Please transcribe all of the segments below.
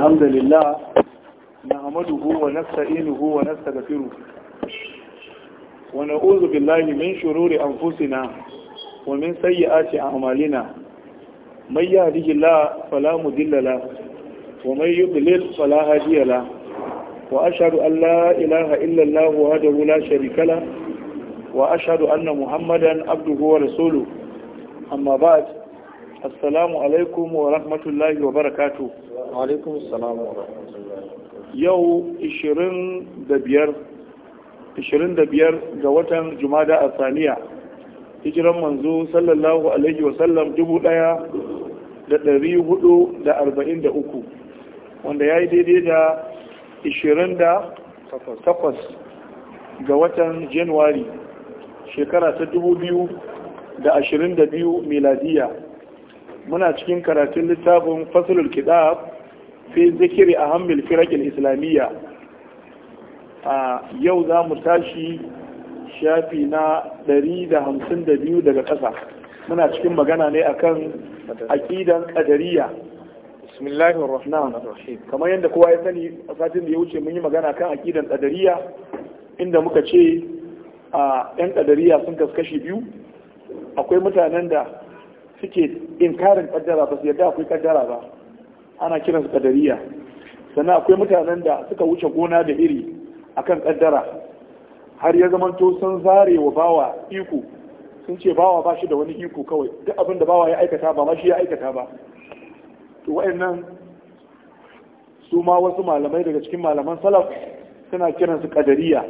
الحمد لله نعمده ونستعينه ونستغفره ونعوذ بالله من شرور أنفسنا ومن سيئات أعمالنا من يهده الله فلا مضل له ومن يضلل فلا هادي له وأشهد أن لا إله إلا الله وحده لا شريك له وأشهد أن محمدا عبده ورسوله أما بعد السلام عليكم ورحمة الله وبركاته alaikum salam wa yau 25 ga watan jumada a saniya hijiran manzo sallallahu alaihi wa sallam dubu daya da dari hudu da arba'in da uku wanda ya yi daidai da 28 ga watan januwari shekara ta dubu biyu da ashirin da biyu miladiya muna cikin karatun littafin fasulul kitab fi zikiri a hamil firakin islamiyya a yau za mu tashi shafi na 152 daga ƙasa muna cikin magana ne akan aqidan qadariyya bismillahir rahmanir rahim kamar yadda kowa ya sani a satin da ya wuce mun yi magana kan aqidan qadariyya inda muka ce a yan qadariyya sun kaskashi biyu akwai mutanen da suke inkarin kaddara ba su yarda akwai kaddara ba ana kiransu kadariya sannan akwai mutanen da suka wuce gona da iri akan kaddara har ya zamanto sun zare wa bawa iko sun ce bawa ba shi da wani iko kawai duk abin da bawa ya aikata ba ma shi ya aikata ba to wa'annan su ma wasu malamai daga cikin malaman salaf suna kiransu kadariya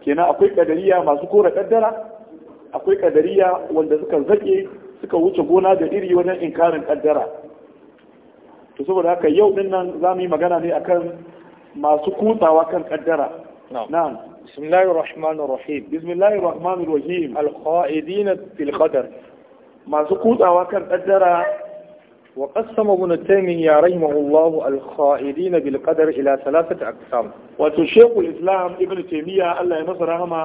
kenan akwai kadariya masu kora kaddara akwai kadariya wanda suka zake suka wuce gona da iri wajen inkarin kaddara to saboda haka yau din nan za mu yi magana ne akan masu kutsawa kan kaddara na'am bismillahir rahmanir rahim bismillahir rahmanir rahim al fil qadar masu kutsawa kan kaddara wa qassama ibn taymiyyah ya rahimahullahu al-qa'idina bil qadar ila thalathati aqsam wato shaykhul islam ibn taymiyyah Allah ya masa rahama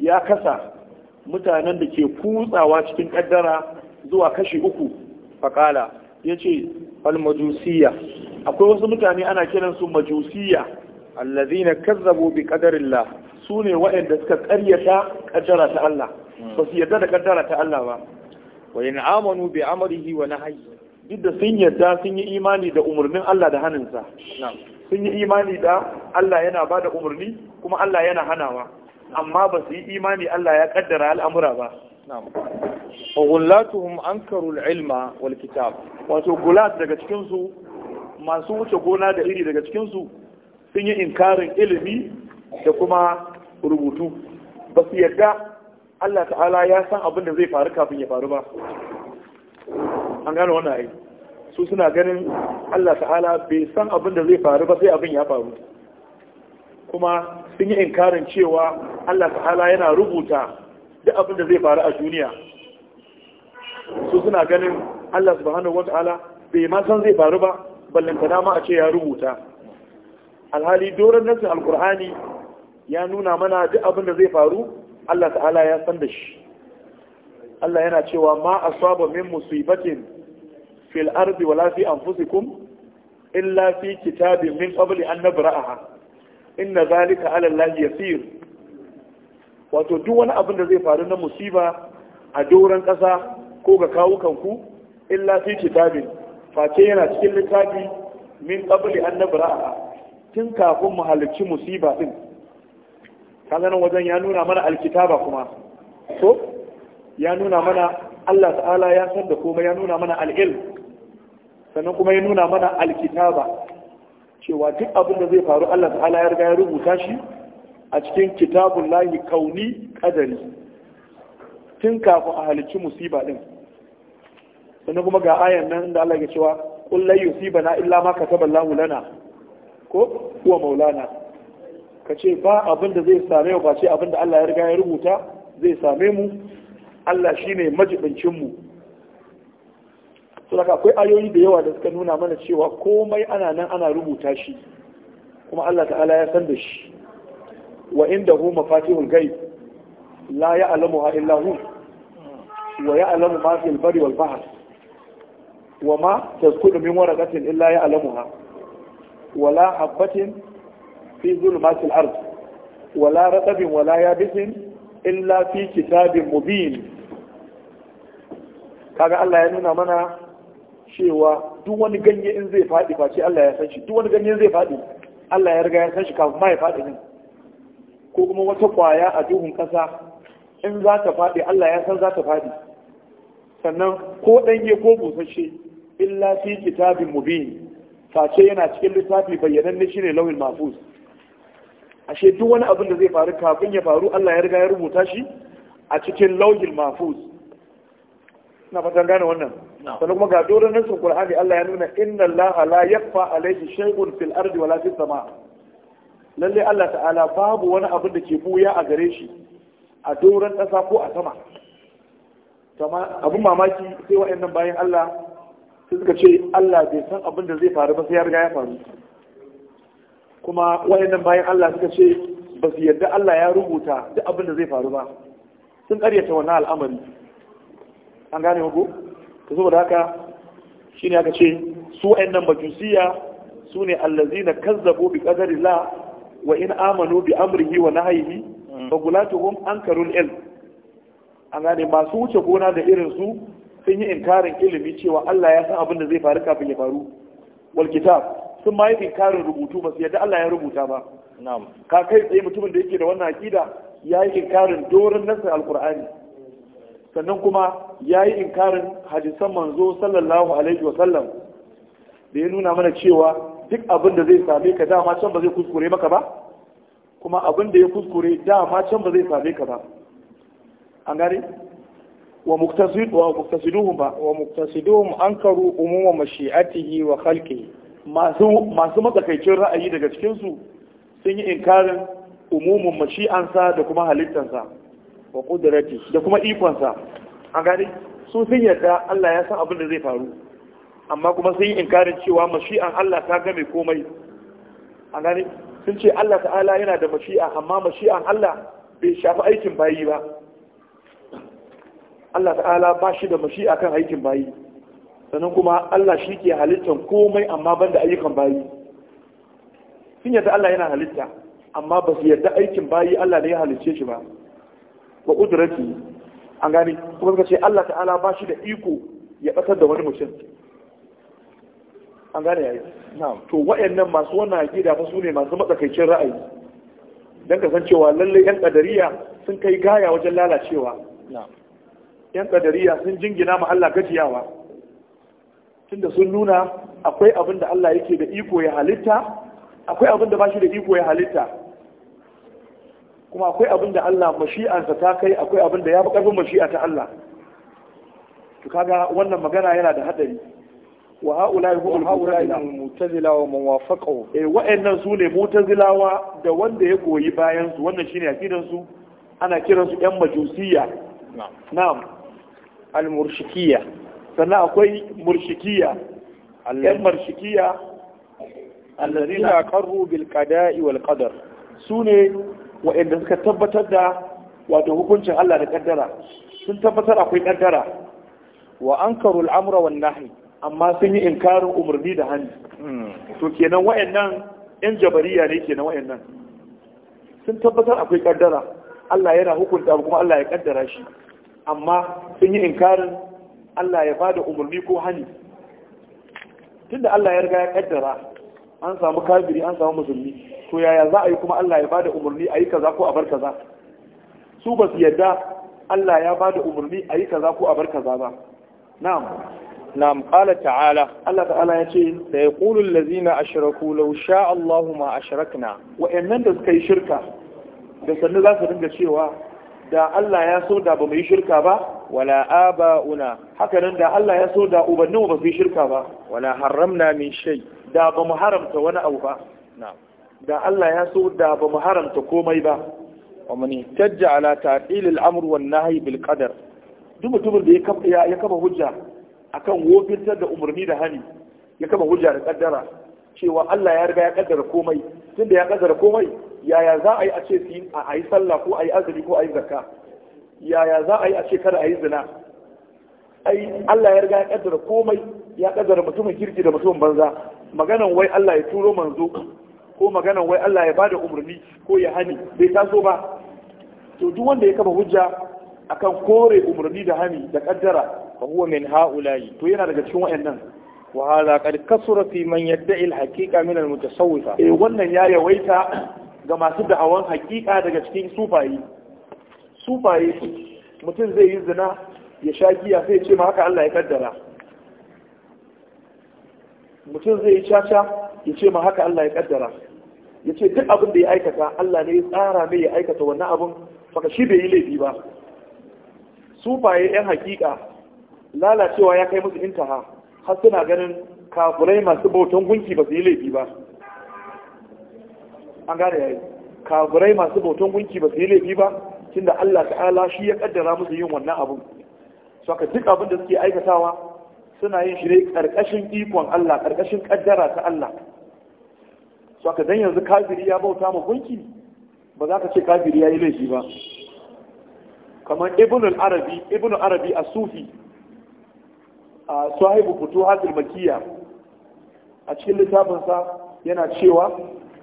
ya kasa mutanen da ke kutsawa cikin kaddara zuwa kashi uku faqala yace al-majusiyya akwai wasu mutane ana kiransu majusiyya allazina kazzabu bi qadarillah sune waɗanda suka ƙaryata kaddara ta Allah ba su yarda da kaddara ta Allah ba wa in amanu bi amrihi wa nahyi duk da sun yarda sun yi imani da umarnin Allah da hannunsa sun yi imani da Allah yana ba da umarni kuma Allah yana hanawa amma ba su yi imani Allah ya kaddara al'amura ba wa gullatuhum ankaru al wal kitab wato gulat daga cikin su masu wuce gona da iri daga cikin su sun yi inkarin ilimi da kuma rubutu ba su yarda Allah ta'ala ya san abin da zai faru kafin ya faru ba an gano wannan ai su suna ganin Allah ta'ala bai san abin da zai faru ba sai abin ya faru kuma sun yi inkarin cewa Allah ta'ala yana rubuta duk abin da zai faru a duniya su suna ganin Allah subhanahu wata'ala bai ma san zai faru ba ballantana ma a ce ya rubuta alhali doron nasin alkur'ani ya nuna mana duk abin da zai faru Allah ta'ala ya san da shi Allah yana cewa ma asaba min musibatin fil ardi wala fi anfusikum illa fi kitabin min qabli an nabra'aha inna zalika 'ala Allah yasir wato duk wani abin da zai faru na musiba a doron ƙasa ko ga kawukan ku illa fi kitabin face yana cikin littafi min qabli an nabra'a tun kafin mu halicci musiba din kaga nan wajen ya nuna mana alkitaba kuma so ya nuna mana Allah ta'ala ya san da kuma ya nuna mana al'il sannan kuma ya nuna mana alkitaba cewa duk abin da zai faru Allah ta'ala ya riga ya rubuta shi a cikin kitabun layi kauni kadari tun kafin a halicci musiba din sannan kuma ga ayan nan da Allah ya cewa ƙulla la na illa ma kataba Allahu lana ko kuwa maulana ka ce ba abin da zai same mu ba ce abin da Allah ya riga ya rubuta zai same mu Allah shine majibincin mu saboda akwai ayoyi da yawa da suka nuna mana cewa komai ana nan ana rubuta shi kuma Allah ta'ala ya san da shi wa inda hu mafatihul gaib la ya'lamuha illa hu wa ya'lamu ma fil bari wal bahr wa ma tasqutu min waraqatin illa ya'lamuha wa la habatin fi dhulumatil ard wa la kitabin kaga Allah ya nuna mana cewa duk wani ganye in zai faɗi face Allah ya san shi duk wani ganye zai faɗi Allah ya riga ya san shi kafin ma ya faɗi din ko kuma wata kwaya a duhun ƙasa in za ta faɗi Allah ya san za ta faɗi sannan ko ɗanye ko busasshe illa fi kitabin mubin face yana cikin littafi ne shine lawil mafus ashe duk wani abin da zai faru kafin ya faru Allah ya riga ya rubuta shi a cikin lawil mafus na fatan gane wannan sannan kuma ga doron nan sun Qur'ani Allah ya nuna inna Allah la yakfa alayhi shay'un fil ardi wala fis Lallai Allah ta'ala babu wani abin da ke buya a gare shi a doron ƙasa ko a sama abin mamaki sai wa'annan bayan Allah sai suka ce Allah bai san abin da zai faru ba sai ya riga ya faru kuma wa'annan bayan Allah suka ce ba su yarda Allah ya rubuta duk abin da zai faru ba sun karyata wannan al'amari an gane ko to saboda haka shine aka ce su wa'annan majusiya su ne allazina kazzabu bi qadarillah wa in amanu bi amrihi wa nahyihi mm. fa gulatuhum ankarul ilm an gane masu wuce gona da irin su sun yi inkarin ilimi cewa Allah ya san abin da zai faru kafin ya faru wal kitab sun ma yi inkarin rubutu ba su yadda Allah ya rubuta ba na'am ka kai tsaye mutumin da yake da wannan aqida ya yi inkarin doron nasar alkur'ani sannan kuma ya yi inkarin hadisan manzo sallallahu alaihi wa sallam da ya nuna mana cewa duk abin da zai same ka dama can ba zai kuskure maka ba kuma abin da ya kuskure dama can ba zai same ka ba an gane wa muktasiduhum ba wa muktasiduhum ankaru umuma mashi'atihi wa khalqihi masu masu matsakaicin ra'ayi daga cikin su sun yi inkarin umumin mashi'ansa da kuma halittansa wa qudrati da kuma ikonsa an gane su sun yarda Allah ya san abin da zai faru amma kuma sun yi inkarin cewa mashi'an Allah ta game komai a gani sun ce Allah ta'ala yana da mashi'a amma mashi'an Allah bai shafi aikin bayi ba Allah ta'ala ba shi da mashi'a kan aikin bayi sannan kuma Allah shi ke halittar komai amma ban da ayyukan bayi sun yadda Allah yana halitta amma ba su yadda aikin bayi Allah ne ya halicce shi ba wa ƙudurati an gani kuma suka ce Allah ta'ala ba shi da iko ya ɓatar da wani mutum an gane yayi to wa'annan masu wannan aqida fa su ne masu matsakaicin ra'ayi san cewa lallai yan ƙadariya sun kai gaya wajen lalacewa yan ƙadariya sun jingina ma Allah gajiyawa tunda sun nuna akwai abin da Allah yake da iko ya halitta akwai abin da ba shi da iko ya halitta kuma akwai abin da Allah mashi'ansa ta kai akwai abin da ya fi ƙarfin mashi'a ta Allah to kaga wannan magana yana da hadari wa haula hu haula mutazila wa man wafaqahu eh wa'annan su ne mutazilawa da wanda ya goyi bayan su wannan shine akidan su ana kiran su yan majusiya na'am al murshikiya sannan akwai murshikiya yan murshikiya alladhina qarru bil qada'i su ne wa'anda suka tabbatar da wato hukuncin Allah da sun tabbatar akwai kaddara wa ankaru amra wan nahyi amma sun yi inkarin umarni da hannu hmm. to kenan wayannan yan jabariya ne kenan wayannan sun tabbatar akwai kaddara Allah yana hukunta kuma Allah ya kaddara shi amma sun yi inkarin Allah ya bada umarni ko hani tunda Allah ya riga ya kaddara an samu kafiri an samu musulmi to yaya za a yi kuma Allah ya bada umarni a yi kaza ko a bar kaza su ba su yadda Allah ya bada umarni a yi kaza ko a bar kaza ba na'am نعم قال تعالى الله تعالى يتي سيقول الذين أشركوا لو شاء الله ما أشركنا وإنن تسكي شركة بسنة ذات رنجة شيوا دا الله يسو دا بمي شركة با ولا آباؤنا حكا دا الله يسو دا أبنو بمي شركة با ولا حرمنا من شيء دا بمحرمت وانا أوفا نعم دا الله يسو دا بمحرمت كومي با ومن احتج على تعطيل الأمر والنهي بالقدر duk mutumin da ya kafa hujja akan wofintar da umarni da hani ya kama hujja da kaddara cewa Allah ya riga ya kaddara komai tunda ya kaddara komai yaya za a yi a ce a yi sallah ko a yi azumi ko a yi zakka yaya za a yi a ce kada a yi zina ai Allah ya riga ya kaddara komai ya kaddara mutumin kirki da mutumin banza maganan wai Allah ya turo manzo ko maganan wai Allah ya bada umarni ko ya hani bai taso ba to duk wanda ya kama hujja akan kore umarni da hani da kaddara fa huwa min haula'i to yana daga cikin wayannan wa hala qad kasura fi man yadda'i al-haqiqa min al-mutasawwifa eh wannan ya yawaita ga masu da'awan haqiqa daga cikin sufayi sufayi mutum zai yi zina ya sha giya sai ce ma haka Allah ya kaddara mutum zai yi caca ya ce ma haka Allah ya kaddara ya ce duk abin da ya aikata Allah ne ya tsara mai ya aikata wannan abin faka shi bai yi laifi ba sufaye yan hakika lalacewa ya kai musu intaha har suna ganin kafurai masu bautan gunki ba su yi laifi ba an gane yayi kafurai masu bautan gunki ba su yi laifi ba tunda Allah ta'ala shi ya kaddara musu yin wannan abu saka duk abin da suke aikatawa suna yin shi ne karkashin ikon Allah karkashin kaddara ta Allah saka dan yanzu kafiri ya bauta ma gunki ba za ka ce kafiri ya yi laifi ba kamar ibnul arabi ibnul arabi a sufi a sahibu futuhatul makiyya a cikin littafinsa yana cewa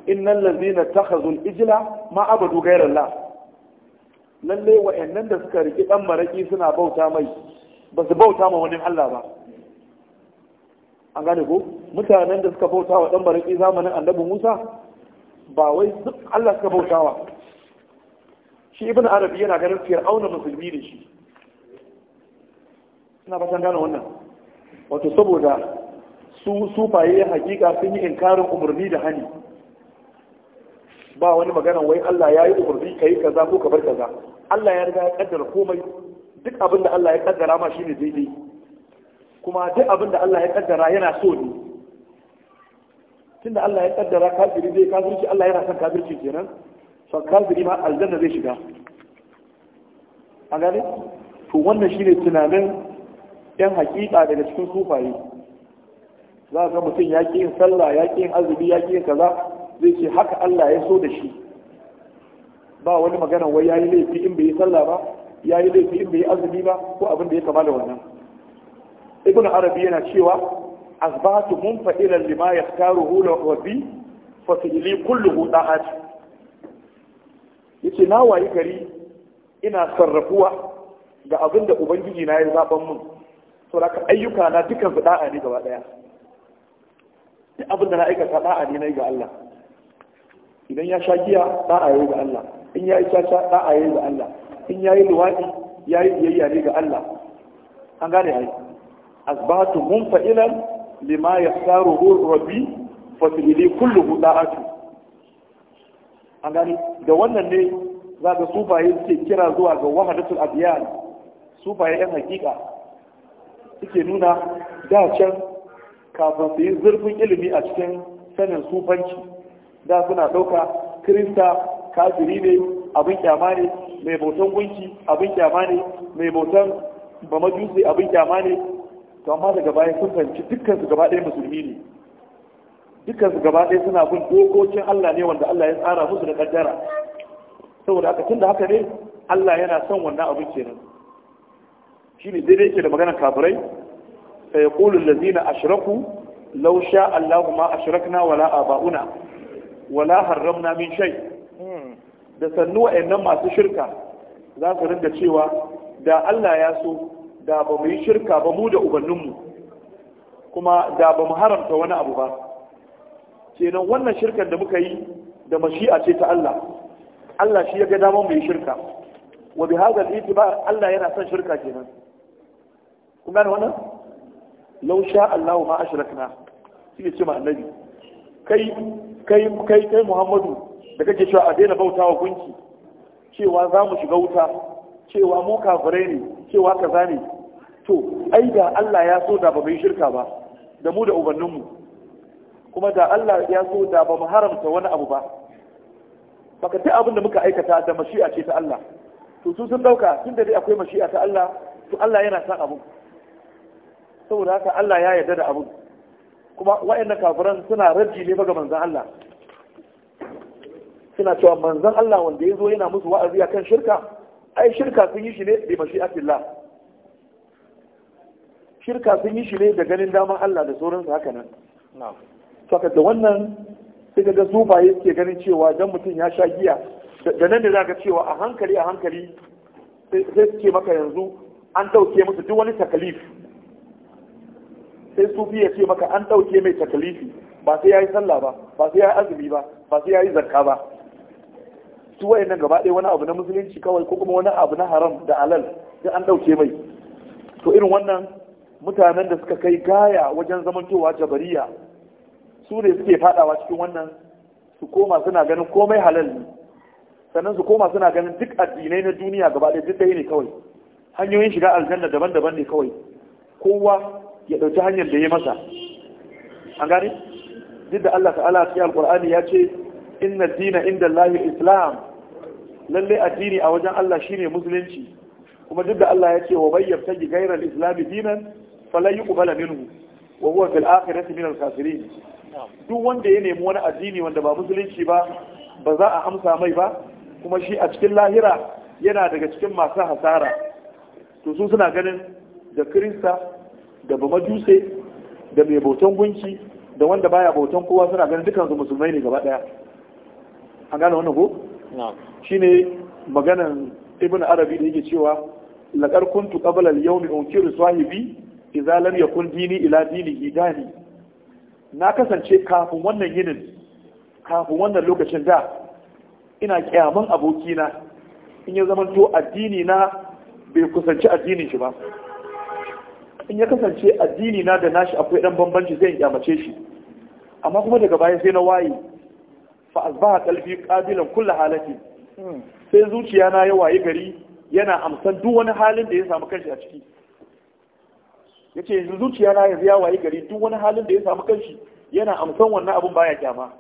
innal ladzina takhazul ijla ma abadu la. lalle wa'annan da suka riki dan maraki suna bauta mai ba su bauta ma wani Allah ba an gane ko mutanen da suka bauta wa dan maraki zamanin annabi Musa ba wai Allah suka bautawa shi ibn arabi yana ganin fir'auna musulmi ne shi ina fatan gane wannan wato saboda su sufaye hakika sun yi inkarin umarni da hani ba wani magana wai Allah ya yi umarni ka yi kaza ko ka bar kaza Allah ya riga ya kaddara komai duk abin da Allah ya kaddara ma shine daidai kuma duk abin da Allah ya kaddara yana so ne tunda Allah ya kaddara kafiri zai kafirci Allah yana son kafirci kenan to ma aljanna zai shiga a gane to wannan shine tunanin yan hakika daga cikin sufaye za ga mutum ya ƙi yin sallah ya ƙi yin azumi ya yin kaza zai ce haka Allah ya so da shi ba wani magana wai yayi laifi in bai yi sallah ba yayi laifi in bai yi azumi ba ko abin da ya kama da wannan ibnu arabi yana cewa mun failan lima wa rabbi fa fi'li kulluhu da'at yace na wayi gari ina sarrafuwa ga abin da ubangiji na ya zaban mun da ka ayyuka na dukkan su da'a ne gaba daya duk abin da na aikata da'a ne ga Allah idan ya sha giya da'a yayi ga Allah in ya isa sha da'a yayi ga Allah in ya yi luwadi ya yi biyayya ne ga Allah an gane ai asbatu munfa'ilan lima yasaruhu rabbi fa fi kulluhu da'atu an gani da wannan ne za ga sufaye suke kira zuwa ga wahadatul adiyan sufaye yan hakika suke nuna da can kafin su yi zurfin ilimi a cikin sanin sufanci da suna ɗauka kirista kafiri ne abin kyama ne mai bautan gunki abin kyama ne mai bautan bamajusi abin kyama ne to daga baya sun fahimci dukkan su gaba ɗaya musulmi ne dukkan su gaba ɗaya suna bin dokokin Allah ne wanda Allah ya tsara musu da kaddara saboda haka da haka ne Allah yana son wannan abin kenan shine daidai yake da maganar kafirai fa yaqulu allazina ashraku law sha Allahu ma ashrakna wala abauna wala harramna min shay da sannu wa'annan masu shirka za su rinda cewa da Allah ya so da ba mu yi shirka ba mu da ubanninmu kuma da ba mu haramta wani abu ba kenan wannan shirkar da muka yi da mashi'a ce ta Allah Allah shi ya ga damar mai shirka wa bi hadha al-itiba Allah yana son shirka kenan kuma ne wannan law sha Allah ma ashrakna shi ce ma annabi kai kai kai kai Muhammadu da kake cewa a daina bautawa gunki cewa za mu shiga wuta cewa mu kafirai ne cewa kaza ne to ai da Allah ya so da ba mai shirka ba da mu da ubanninmu kuma da Allah ya so da ba mu haramta wani abu ba baka duk abin da muka aikata da mashi'a ce ta Allah to su sun dauka tun da dai akwai mashi'a ta Allah to Allah yana san abu saboda haka Allah ya yarda da abu kuma wa'annan kafiran suna raji ne ga manzon Allah suna cewa manzon Allah wanda ya zo yana musu wa'azi akan shirka ai shirka sun yi shi ne bi mashi'atillah shirka sun yi shi ne da ganin daman Allah da sauransu haka nan na'am saka da wannan sai ga sufaye suke ganin cewa dan mutum ya sha giya da nan da za ka cewa a hankali a hankali sai suke maka yanzu an ɗauke musu duk wani takalif sai sufi ya ce maka an ɗauke mai takalifi ba sai ya yi sallah ba ba sai ya yi azumi ba ba sai ya yi zakka ba su wayan nan gaba ɗaya wani abu na musulunci kawai ko kuma wani abu na haram da alal sai an ɗauke mai to irin wannan mutanen da suka kai gaya wajen zamantowa jabariya su ne suke fadawa cikin wannan su koma suna ganin komai halal ne sannan su koma suna ganin duk addinai na duniya gaba ɗaya duk ɗaya ne kawai hanyoyin shiga aljanna daban-daban ne kawai kowa ya ɗauki hanyar da ya masa an gane duk da Allah ta'ala cikin alƙur'ani ya ce inna dina inda lahi Islam lalle addini a wajen Allah shine musulunci kuma duk da Allah ya ce wa ta gairar islami dinan yi ƙubala minhu wa huwa fil akhirati al kafirin duk wanda ya nemi wani addini wanda ba musulunci ba ba za a amsa mai ba kuma shi a cikin lahira yana daga cikin masu hasara to su suna ganin da kirista da ba majuse da mai bautan gunki da wanda baya bautan kowa suna ganin dukkan su musulmai ne gaba daya an gane wannan ko shine maganan ibn arabi da yake cewa laqad kuntu qabla al-yawmi unkiru sahibi idza lam yakun dini ila dini, idani. na kasance kafin wannan yinin kafin wannan lokacin da ina kyaman abokina in ya zama to addini na bai kusanci addinin shi ba in ya kasance addini na da nashi akwai dan bambanci zai kyamace shi amma kuma daga baya sai na waye fa asbaha qalbi qabilan kulli halati hmm. sai zuciya na ya waye gari yana amsan duk wani halin da ya samu kanshi a ciki yace yanzu zuciya na yanzu ya waye gari duk wani halin da ya samu kanshi yana amsan wannan abin baya kyama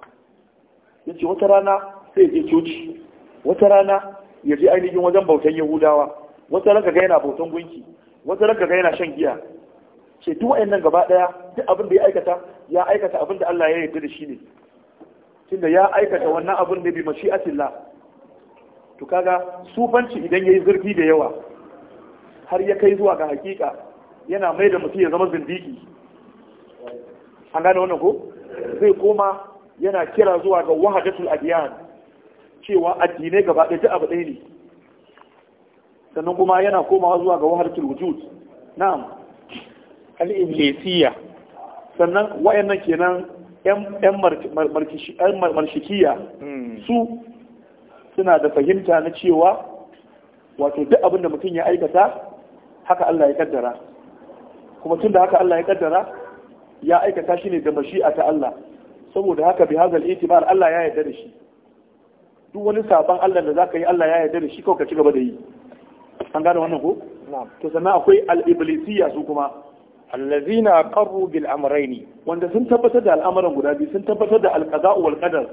yace wata rana sai je coci wata rana ya ji ainihin wajen bautan yahudawa wata ranka ga yana bautan gunki wata ranka ga yana shan giya ce duk wayannan gaba daya duk abin da ya aikata ya aikata abin da Allah ya yarda da shi ne tunda ya aikata wannan abin ne bi mashi'atillah to kaga sufanci idan yayi zurfi da yawa har ya kai zuwa ga hakika yana mai da mutum ya zama zindiki an gane wannan ko zai koma yana kira zuwa ga wahadatul adiyan cewa addinai gaba ɗaya abu ɗaya ne sannan kuma yana komawa zuwa ga wahadatul wujud na'am al-iblisiyya sannan wayannan kenan yan marshikiya hmm. su suna da fahimta na cewa wato duk abin da mutum ya aikata haka Allah ya kaddara kuma tun da haka Allah ya kaddara ya aikata shi ne da mashi'a ta Allah saboda haka bi hazal itibar Allah ya yarda da shi duk wani saban Allah da zaka yi Allah ya yarda da shi kawai ka ci gaba da yi an gane wannan ko to sannan akwai al-iblisiyya su kuma allazina aqarru bil amrayni wanda sun tabbatar da al'amuran guda biyu sun tabbatar da al-qada'u wal qadar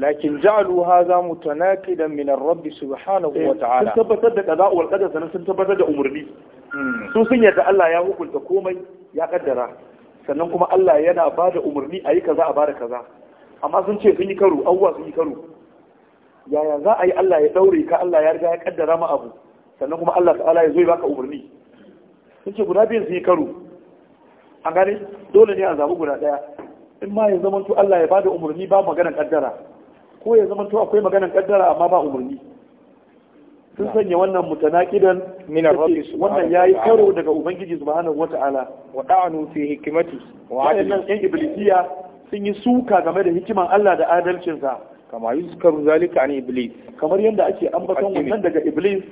lakin ja'alu hadha mutanaqidan min ar-rabb subhanahu wa eh, ta'ala sun tabbatar da qada'u wal qadar sannan sun tabbatar da umurni su sun yarda Allah ya hukunta komai ya kaddara sannan kuma Allah yana ba da umarni a yi kaza a bada kaza amma sun ce sun yi karo abubuwa sun yi karo yaya za a yi Allah ya daure ka Allah ya riga ya kaddara ma abu sannan kuma Allah ta'ala ya zo ya baka umarni sun ce guda biyun sun yi karo an gane dole ne a zabi guda daya in ma ya zamanto Allah ya ba da umarni ba maganar kaddara ko ya zamanto akwai maganar kaddara amma ba umarni sun sanya wannan mutanaqidan min ar-rabbi wannan yayi karo daga ubangiji subhanahu wata'ala wa da'anu fi hikmati wa adlan ɗan iblisiya sun yi suka game da hikiman Allah da adalcinsa kama yuzkaru zalika an iblis kamar yadda ake ambaton wannan daga iblis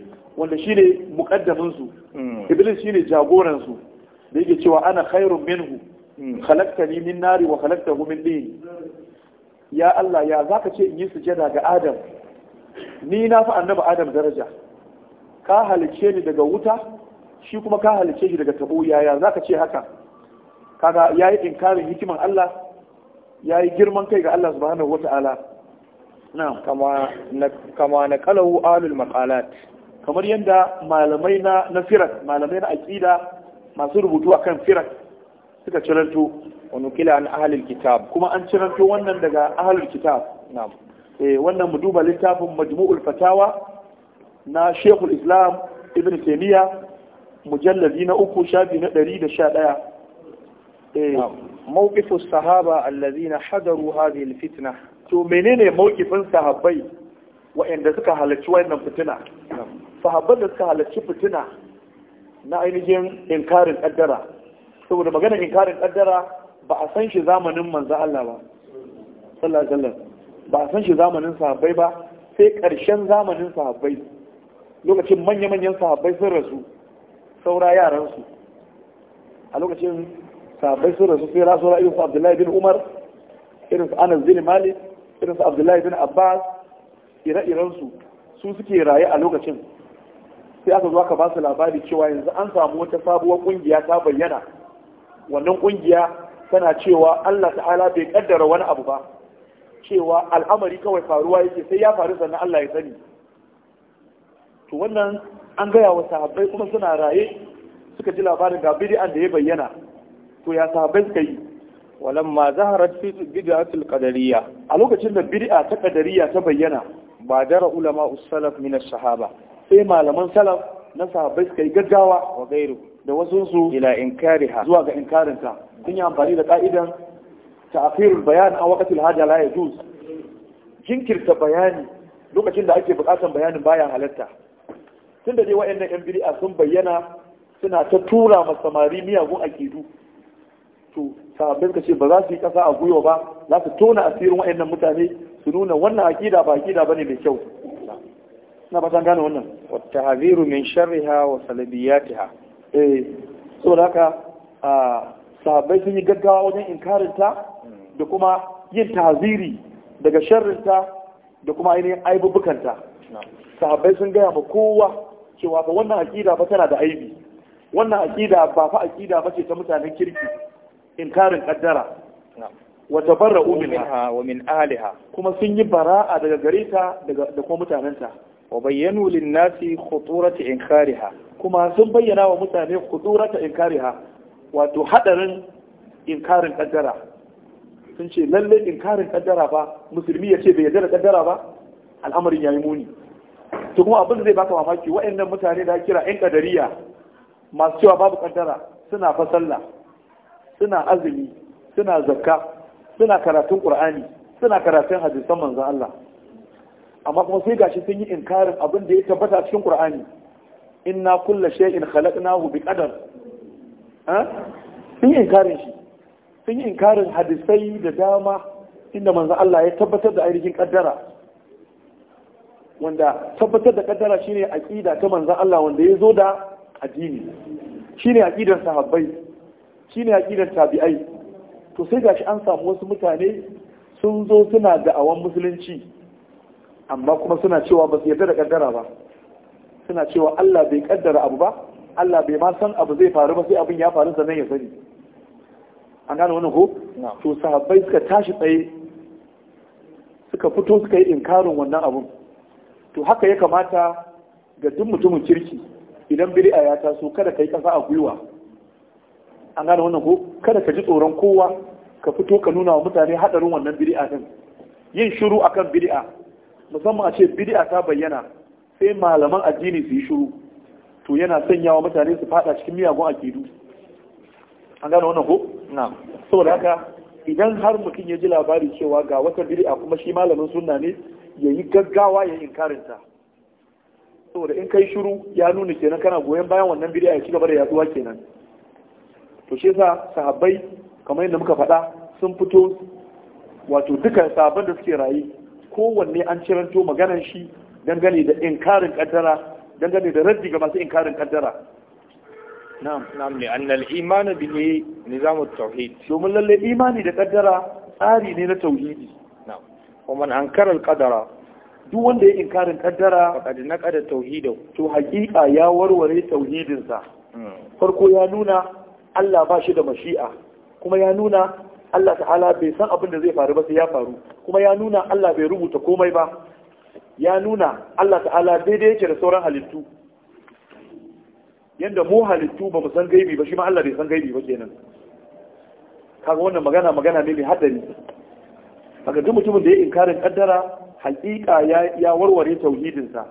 wanda shine muqaddamin su hmm. iblis shine jagoran su da yake cewa ana khairun minhu hmm. khalaqtani min nari wa khalaqtahu min din ya Allah ya zaka ce in yi sujada ga Adam ni na fi annabi adam daraja ka halice ni daga wuta shi kuma ka halice shi daga tabo yaya za ka ce haka kaga ya yi inkarin hikiman Allah ya yi girman kai ga Allah subhanahu wa ta'ala kama na kalawu alul maqalat kamar yadda malamai na na firat malamai na aqida masu rubutu akan firat suka ciranto wani kila an ahlul kitab kuma an ciranto wannan daga ahlul kitab na'am Eh, wannan mu duba littafin majmu'ul fatawa na shekul islam ibn taimiyya mujallazi na uku shafi na ɗari da sha ɗaya موقف الصحابة الذين حضروا هذه الفتنة to menene mawkifin sahabbai wa'anda suka halarci wannan fitina sahabban da suka halarci fitina na ainihin inkarin kaddara saboda maganar inkarin kaddara ba a san shi zamanin manzo Allah ba sallallahu alaihi wasallam ba san shi zamanin sahabbai ba sai ƙarshen zamanin sahabbai lokacin manya-manyan sahabbai sun rasu saura yaransu a lokacin sahabbai sun rasu sai rasu ra'ayin su abdullahi bin umar irin su anas bin malik irin su abdullahi bin abbas ire-irensu su suke raye a lokacin sai aka zo aka ba su labari cewa yanzu an samu wata sabuwar kungiya ta bayyana wannan kungiya tana cewa Allah ta'ala bai kaddara wani abu ba cewa al'amari kawai faruwa yake sai ya faru sannan Allah ya sani to wannan an gaya wa sahabbai kuma suna raye suka ji labarin ga bida da ya bayyana to ya sahabbai suka yi walamma zaharat fi bid'atil qadariyya a lokacin da bid'a ta qadariyya ta bayyana ba dara ulama salaf min sahaba sai malaman salaf na sahabbai suka yi gaggawa wa gairu da wasu su ila inkariha zuwa ga inkarinta kun yi amfani da ka'idan ta'khirul bayanin an waqtil haja la yajuz jinkirta bayani lokacin da ake bukatan bayanin bayan halarta. tunda dai wayannan yan bid'a sun bayyana suna ta tura wa samari miyagun akidu to sabbin ka ba za su yi kasa a gwiwa ba za su tona asirin wayannan mutane su nuna wannan akida ba akida bane mai kyau na ba gane wannan wata haziru min sharriha wa salabiyatiha eh saboda haka sahabbai sun yi gaggawa wajen inkarinta da kuma yin taziri daga sharrinta da kuma ainihin aibubukanta sahabbai sun gaya ma kowa cewa fa wannan aqida fa tana da aibi wannan aqida ba fa aqida ce ta mutanen kirki inkarin ƙaddara. Wata tabarra'u minha wa min aliha. kuma sun yi bara'a daga gareta da kuma mutanenta wa bayyanu lin-nasi khuturata inkariha kuma sun bayyana wa mutane khuturata inkariha wato hadarin inkarin ƙaddara. sun ce lalle inkarin kaddara ba musulmi ya ce bai yarda da kaddara ba al'amarin yayi muni to kuma abin zai baka mamaki waɗannan mutane da kira yan kadariya masu cewa babu kaddara suna fa sallah suna azumi suna zakka suna karatun qur'ani suna karatun hadisan manzon Allah amma kuma sai gashi sun yi inkarin abin da ya tabbata cikin qur'ani inna kulla shay'in khalaqnahu biqadar ha sun yi inkarin shi sun yi inkarin hadisai da dama inda manzan Allah ya tabbatar da ainihin kaddara wanda tabbatar da kaddara shine aqida ta manzan Allah wanda ya zo da addini shine aqidar sahabbai shine aqidar tabi'ai to sai gashi an samu wasu mutane sun zo suna awan musulunci amma kuma suna cewa ba su yarda da kaddara ba suna cewa Allah bai kaddara abu ba Allah bai ma san abu zai faru ba sai abin ya faru sannan ya sani an gane wannan ko to sahabbai suka tashi tsaye suka fito suka yi inkarin wannan abun to haka ya kamata ga duk mutumin kirki idan bid'a ya taso kada ka yi kasa a gwiwa an gane wannan ko kada ka ji tsoron kowa ka fito ka nuna wa mutane hadarin wannan bid'a din yin shiru akan bid'a musamman a ce bid'a ta bayyana sai malaman addini su yi shiru to yana sanyawa mutane su fada cikin miyagun akidu an gano wannan ko na saboda haka idan har mutum ya ji labari cewa ga wata bid'a kuma shi malamin sunna ne ya yi gaggawa ya inkarinta saboda in kai shiru ya nuna kenan kana goyon bayan wannan bid'a ya ci gaba da yaduwa kenan to shi yasa sahabbai kamar yadda muka faɗa sun fito wato duka sahabban da suke rayu kowanne an ciranto maganar shi dangane da inkarin kaddara dangane da raddi ga masu inkarin kaddara na'am ne annal imanu bihi nizamut tauhid domin lalle imani da kaddara tsari ne na tauhidi na'am kuma an karar kaddara duk wanda ya inkarin kaddara faqad naqada tauhidahu to hakika ya warware tauhidinsa hmm. farko ya nuna Allah ba shi da mashi'a kuma ya nuna Allah ta'ala bai san abin da zai faru ba sai ya faru kuma ya nuna Allah bai rubuta komai ba ya nuna Allah ta'ala daidai yake da sauran halittu Yadda mu halittu ba mu san gaibi ba shi ma Allah bai san gaibi ba kenan kaga wannan magana magana ne mai hadari kaga duk mutumin da ya inkarin kaddara hakika ya warware tauhidin sa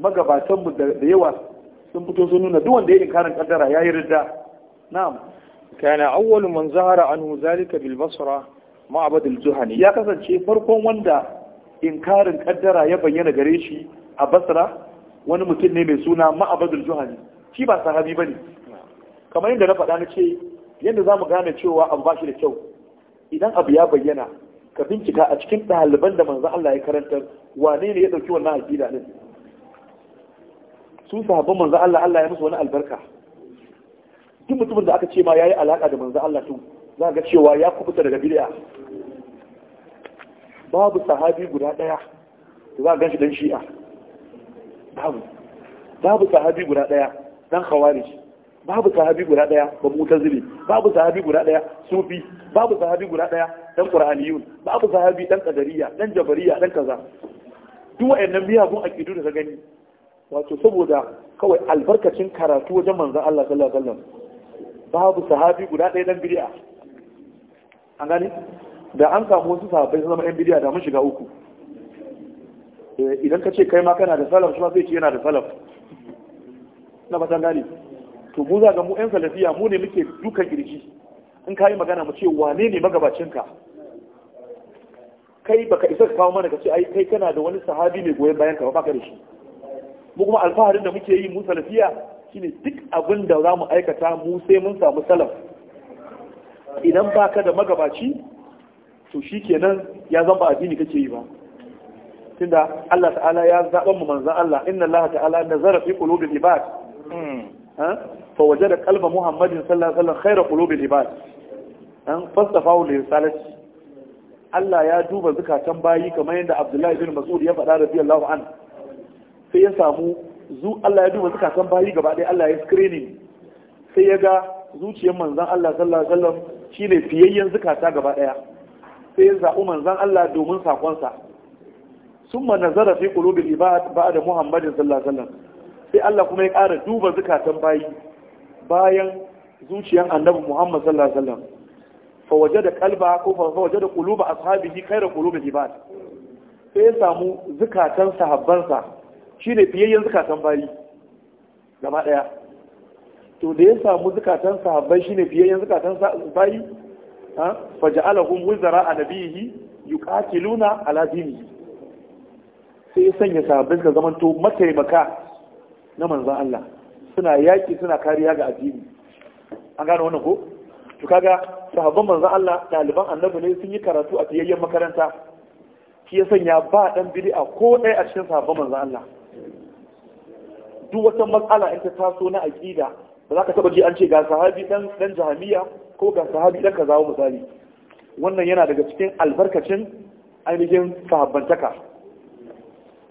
magabatan mu da yawa sun fito sun nuna duk wanda ya inkarin kaddara yayi ridda na'am kana awwalu man zahara anhu zalika bil basra ma'bad al juhani ya kasance farkon wanda inkarin kaddara ya bayyana gare shi a basra wani mutum ne mai suna ma'abadul juhani shi ba sahabi bane kamar yadda na faɗa na ce yadda za mu gane cewa abu ba shi da kyau idan abu ya bayyana ka bincika a cikin ɗaliban da manzo Allah ya karantar wane ne ya ɗauki wannan aƙida din su sahabban manzo Allah Allah ya musu wani albarka duk mutumin da aka ce ma yayi alaka da manzo Allah tun za ga cewa ya kubuta daga bid'a babu sahabi guda daya da za ga shi dan shi'a babu babu sahabi guda daya dan khawarij babu sahabi guda daya ba mutazili babu sahabi guda daya sufi babu sahabi guda daya dan qur'aniyun babu sahabi dan qadariya dan jabariya dan kaza duk wayannan kun akidu da ka gani wato saboda kawai albarkacin karatu wajen manzon Allah sallallahu alaihi wasallam babu sahabi guda daya dan bid'a an gani da an samu wasu sahabbai zama yan bid'a da mun shiga uku eh idan ka ce kai ma kana da salaf shi ma zai ce yana da salaf na fatan to mu za ga mu yan salafiya mu ne muke dukan kirji in ka yi magana mu ce wane ne magabacinka kai baka isa ka kawo mana ka ce ai kai kana da wani sahabi mai goyon bayan ka ba ka da shi mu kuma alfaharin da muke yi mu salafiya shine duk abin da za mu aikata mu sai mun samu salaf idan baka da magabaci to shikenan ya zama addini kake yi ba tunda Allah ta'ala ya zaɓa mu manzan Allah inna Allah ta'ala nazara fi qulubil ibad fa waje da kalba muhammadin sallallahu alaihi wasallam ibad an fastafahu li risalati Allah ya duba zukatan bayi kamar yadda Abdullahi bin Mas'ud ya faɗa radiyallahu an sai ya samu zu Allah ya duba zukatan bayi gaba ɗaya Allah ya screening sai ya ga zuciyar manzon Allah sallallahu alaihi wasallam shine fiyayyen zukata gaba ɗaya sai ya zaɓi manzon Allah domin sakonsa summa nazara fi kulobin ibad ba'da Muhammadin sallallahu alaihi wasallam sai Allah kuma ya ƙara duba zukatan bayi bayan zuciyar annabi Muhammad sallallahu alaihi wasallam fa wajada qalba ko fa wajada quluba ashabihi khayra qulubi ibad sai ya samu zukatan sahabbansa shine fiyayyen zukatan bayi gaba daya to da ya samu zukatan sahabbai shine fiyayyen zukatan bayi ha fa ja'alahum wuzara anabihi yuqatiluna ala dinihi sai ya sanya sahabbai ka to mataimaka na manzan Allah suna yaƙi suna kariya ga addini an gane wannan ko to kaga sahabban manzan Allah ɗaliban annabi ne sun yi karatu a tiyayyen makaranta shi ya sanya ba dan a ko ɗaya a cikin sahabban manzan Allah duk wata matsala in ta taso na aƙida ba za ka taɓa ji an ce ga sahabi dan dan jahamiya ko ga sahabi dan kaza misali wannan yana daga cikin albarkacin ainihin sahabbantaka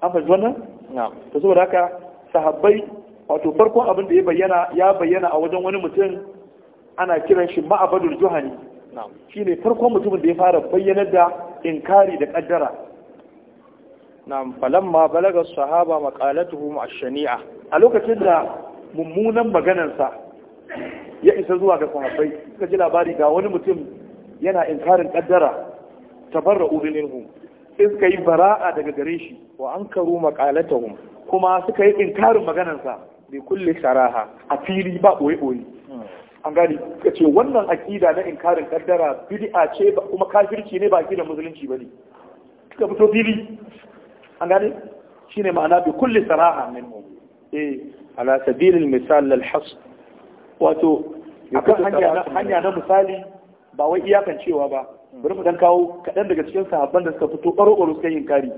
an fahimci wannan? na to saboda haka sahabbai wato farkon abin da ya bayyana ya bayyana a wajen wani mutum ana kiran shi ma'abadul juhani shine farkon mutumin da ya fara bayyanar da inkari da kaddara na'am falamma balaga sahaba maqalatuhum ash-shani'a a lokacin da mummunan maganarsa ya isa zuwa ga sahabbai suka ji labari ga wani mutum yana inkarin kaddara tabarra'u minhu sai iska yi bara'a daga gare shi wa ankaru maqalatuhum kuma suka yi inkarin maganarsa bi kulle sharaha a fili ba ɓoye-ɓoye an gani ka ce wannan akida na inkarin kaddara bid'a ce kuma kafirci ne ba aƙidar musulunci ba ne suka fito fili an gani shi ne ma'ana bi kulle sharaha min eh ala sabilil misal lal hasb wato akan hanya na misali ba wai iyakan cewa ba bari mu dan kawo kaɗan daga cikin sahabban da suka fito ɓaro ɓaro suka yin kari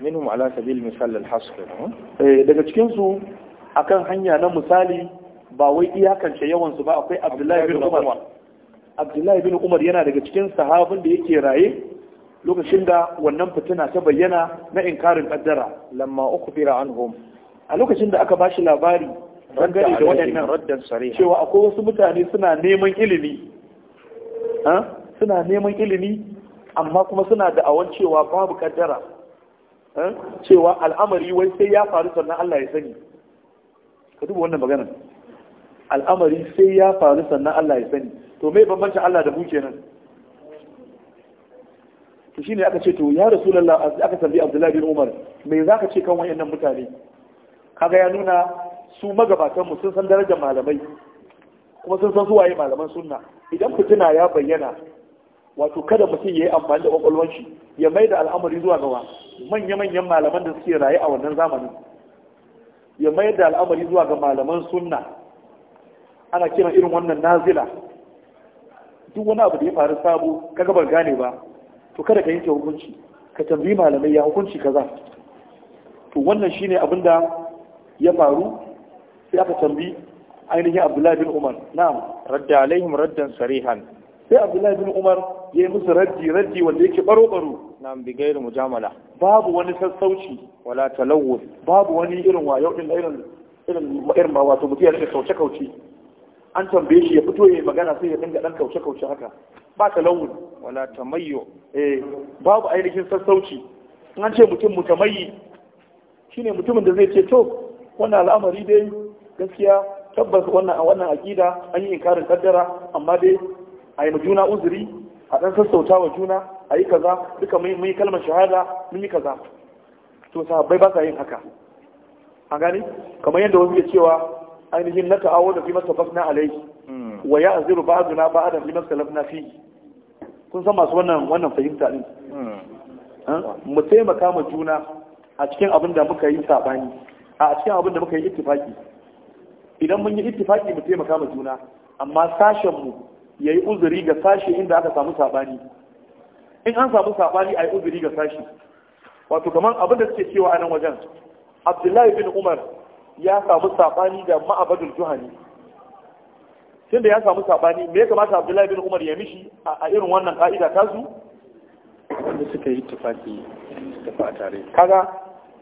minhum ala sabil misal al eh, daga cikin su akan hanya na misali ba wai iyakance yawan su ba akwai abdullahi bin umar abdullahi bin umar yana daga cikin sahabin da yake raye lokacin da wannan fitina ta bayyana na inkarin kaddara lamma ukbira anhum a lokacin da aka bashi labari dangane da waɗannan cewa akwai wasu mutane suna neman ilimi suna neman ilimi amma kuma suna da awon cewa babu kaddara eh, cewa al'amari wai sai ya faru sannan Allah ya sani ka duba wannan maganar al'amari sai ya faru sannan Allah ya sani to mai bambanci Allah da mu kenan to shine aka ce to ya rasulullah aka tambayi Abdullahi bin Umar me zaka ce kan wayannan mutane kaga ya nuna su magabatan mu sun san darajar malamai kuma sun san su waye malaman sunna idan fitina ya bayyana wato kada mutum ya yi amfani da kwakwalwar shi ya mai da al'amari zuwa gawa manya-manyan malaman da suke raye a wannan zamanin ya mai da al'amari zuwa ga malaman sunna ana kira irin wannan nazila duk wani abu da ya faru sabo kaga ban gane ba to kada ka yanke hukunci ka tambayi malamai ya hukunci kaza to wannan shine abin da ya faru sai aka tambi ainihin abdullahi bin umar na'am radda alaihim raddan sarihan sai abdullahi bin umar ya yi musu raddi raddi wanda yake baro baro Na bi gairu mujamala babu wani sassauci wala talawwur babu wani irin wayo din irin irin irin ma wato mutum ya kauce kauce an tambaye shi ya fito ya yi magana sai ya dinga dan kauce kauce haka ba talawwur wala tamayyu eh babu ainihin sassauci an ce mutum mutamayyi shine mutumin da zai ce to wannan al'amari dai gaskiya tabbas wannan a wannan aqida an yi inkarin kaddara amma dai a yi ma juna uzuri a ɗan sassauta wa juna a yi kaza duka mun yi kalmar shahada mun yi kaza to sahabbai ba sa yin haka A gani kamar yadda wasu ke cewa ainihin na ta'awo da fi masa fasna alai hmm. wa ya aziru ba azuna ba adam fi masa lafna fi kun san masu wannan wannan fahimta din hmm. mu taimaka ma juna a cikin abin da muka yi sabani a cikin abin da muka yi ittifaki idan mun yi ittifaki mu taimaka ma juna amma sashen mu ya yi uzuri ga sashi inda aka samu saɓani in an samu saɓani a yi uzuri ga sashi wato kamar abin da suke cewa a nan wajen abdullahi bin umar ya samu saɓani da ma'abadul juhani tunda ya samu saɓani me ya kamata abdullahi bin umar ya mishi a irin wannan ka'ida ta su wanda suka yi tufafi tafa tare kaga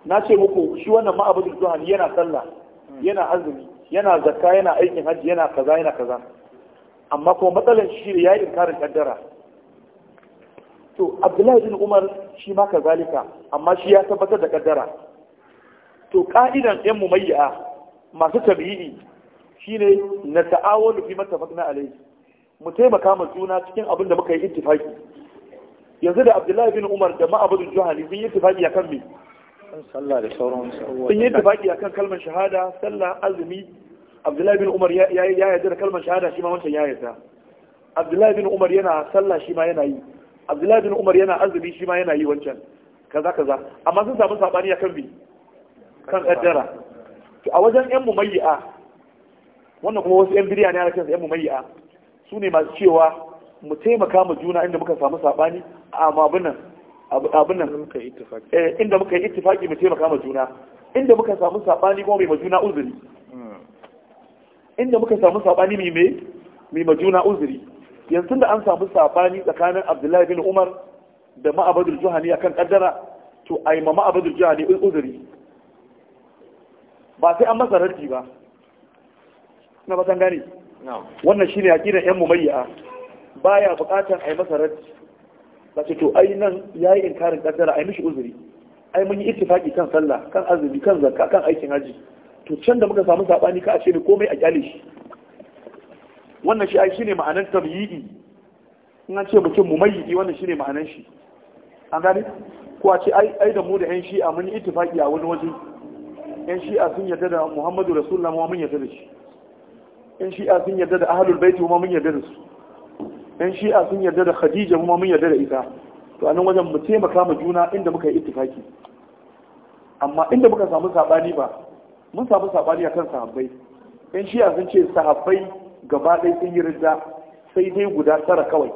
na ce muku shi wannan ma'abadul juhani yana sallah hmm. yana azumi yana zakka yana aikin hajji yana kaza yana kaza amma kuma matsalar shi ne ya yi inkarin kaddara to abdullahi bin umar shi ma kazalika amma shi ya tabbatar da kaddara to ka'idan yan mumayya masu tabi'i shine na da fi na alai mu taimaka mu juna cikin abin da muka yi ittifaki yanzu da abdullahi bin umar da ma'abudul juhani sun yi ittifaki akan me sun yi ittifaki akan kalmar shahada sallah azumi abdullahi bin umar ya yi da kalmar shahada shi ma wancan ya yarda abdullahi bin umar yana sallah shi ma yana yi abdullahi bin umar yana azumi shi ma yana yi wancan kaza kaza amma sun samu sabani kan bi kan kaddara to a wajen yan mumayya wannan kuma wasu yan bidiya ne ana kansa yan mumayya su ne masu cewa mu taimaka mu juna inda muka samu sabani a abin nan abin nan inda muka yi ittifaki eh, mu taimaka mu juna inda muka samu sabani kuma mai mu juna uzuri inda muka samu sabani mai mai mai majuna uzuri yanzu da an samu sabani tsakanin abdullahi bin umar da ma'abadul juhani kan kaddara to a yi ma ma'abadul juhani uzuri ba sai an masa raddi ba na ba gane wannan shine aqidan yan mumayya baya buƙatar a yi masa raddi ba ce to ai nan yi inkarin kaddara yi mishi uzuri ai mun yi ittifaki kan sallah kan azumi kan zakka kan aikin haji to can da muka samu sabani ka a ce ne komai a kyale shi wannan shi ai shine ma'anar tabyi'i in an ce mutum mumayyi'i wannan shine ma'anar shi an gane ko a ce ai da mu da yan shi'a mun yi ittifaqi a wani waje yan shi'a sun yarda da Muhammadu Rasulullah mun yarda da shi yan shi'a sun yarda da ahlul bait kuma mun yarda da su yan shi'a sun yarda da Khadija kuma mun yarda da ita to a nan wajen mu taimaka ma juna inda muka yi ittifaqi amma inda muka samu sabani ba mun samu sabani akan sahabbai yan shi sun ce sahabbai gaba ɗaya sun yi rida sai dai guda tara kawai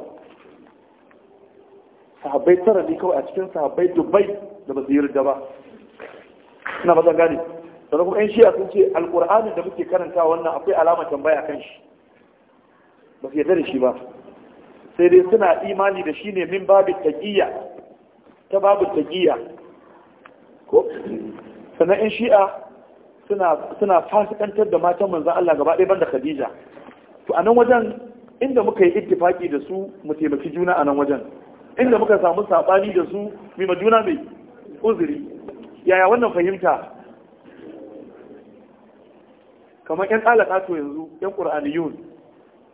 sahabbai tara ne kawai a cikin sahabbai dubbai da ba su yi rida ba ina ba zan gane sannan kuma yan shiya sun ce alƙur'anin da muke karanta wannan akwai alamar tambaya kan shi ba su yarda da shi ba sai dai suna imani da shi ne min babu taƙiyya ta babu taƙiyya ko sannan yan shi'a suna fasikantar da matan manzan Allah gaba ɗaya banda Khadija to a nan wajen inda muka yi ittifaki da su mu taimaki juna a nan wajen inda muka samu sabani da su mu juna mai uzuri yaya wannan fahimta kamar yan alaka to yanzu yan qur'aniyun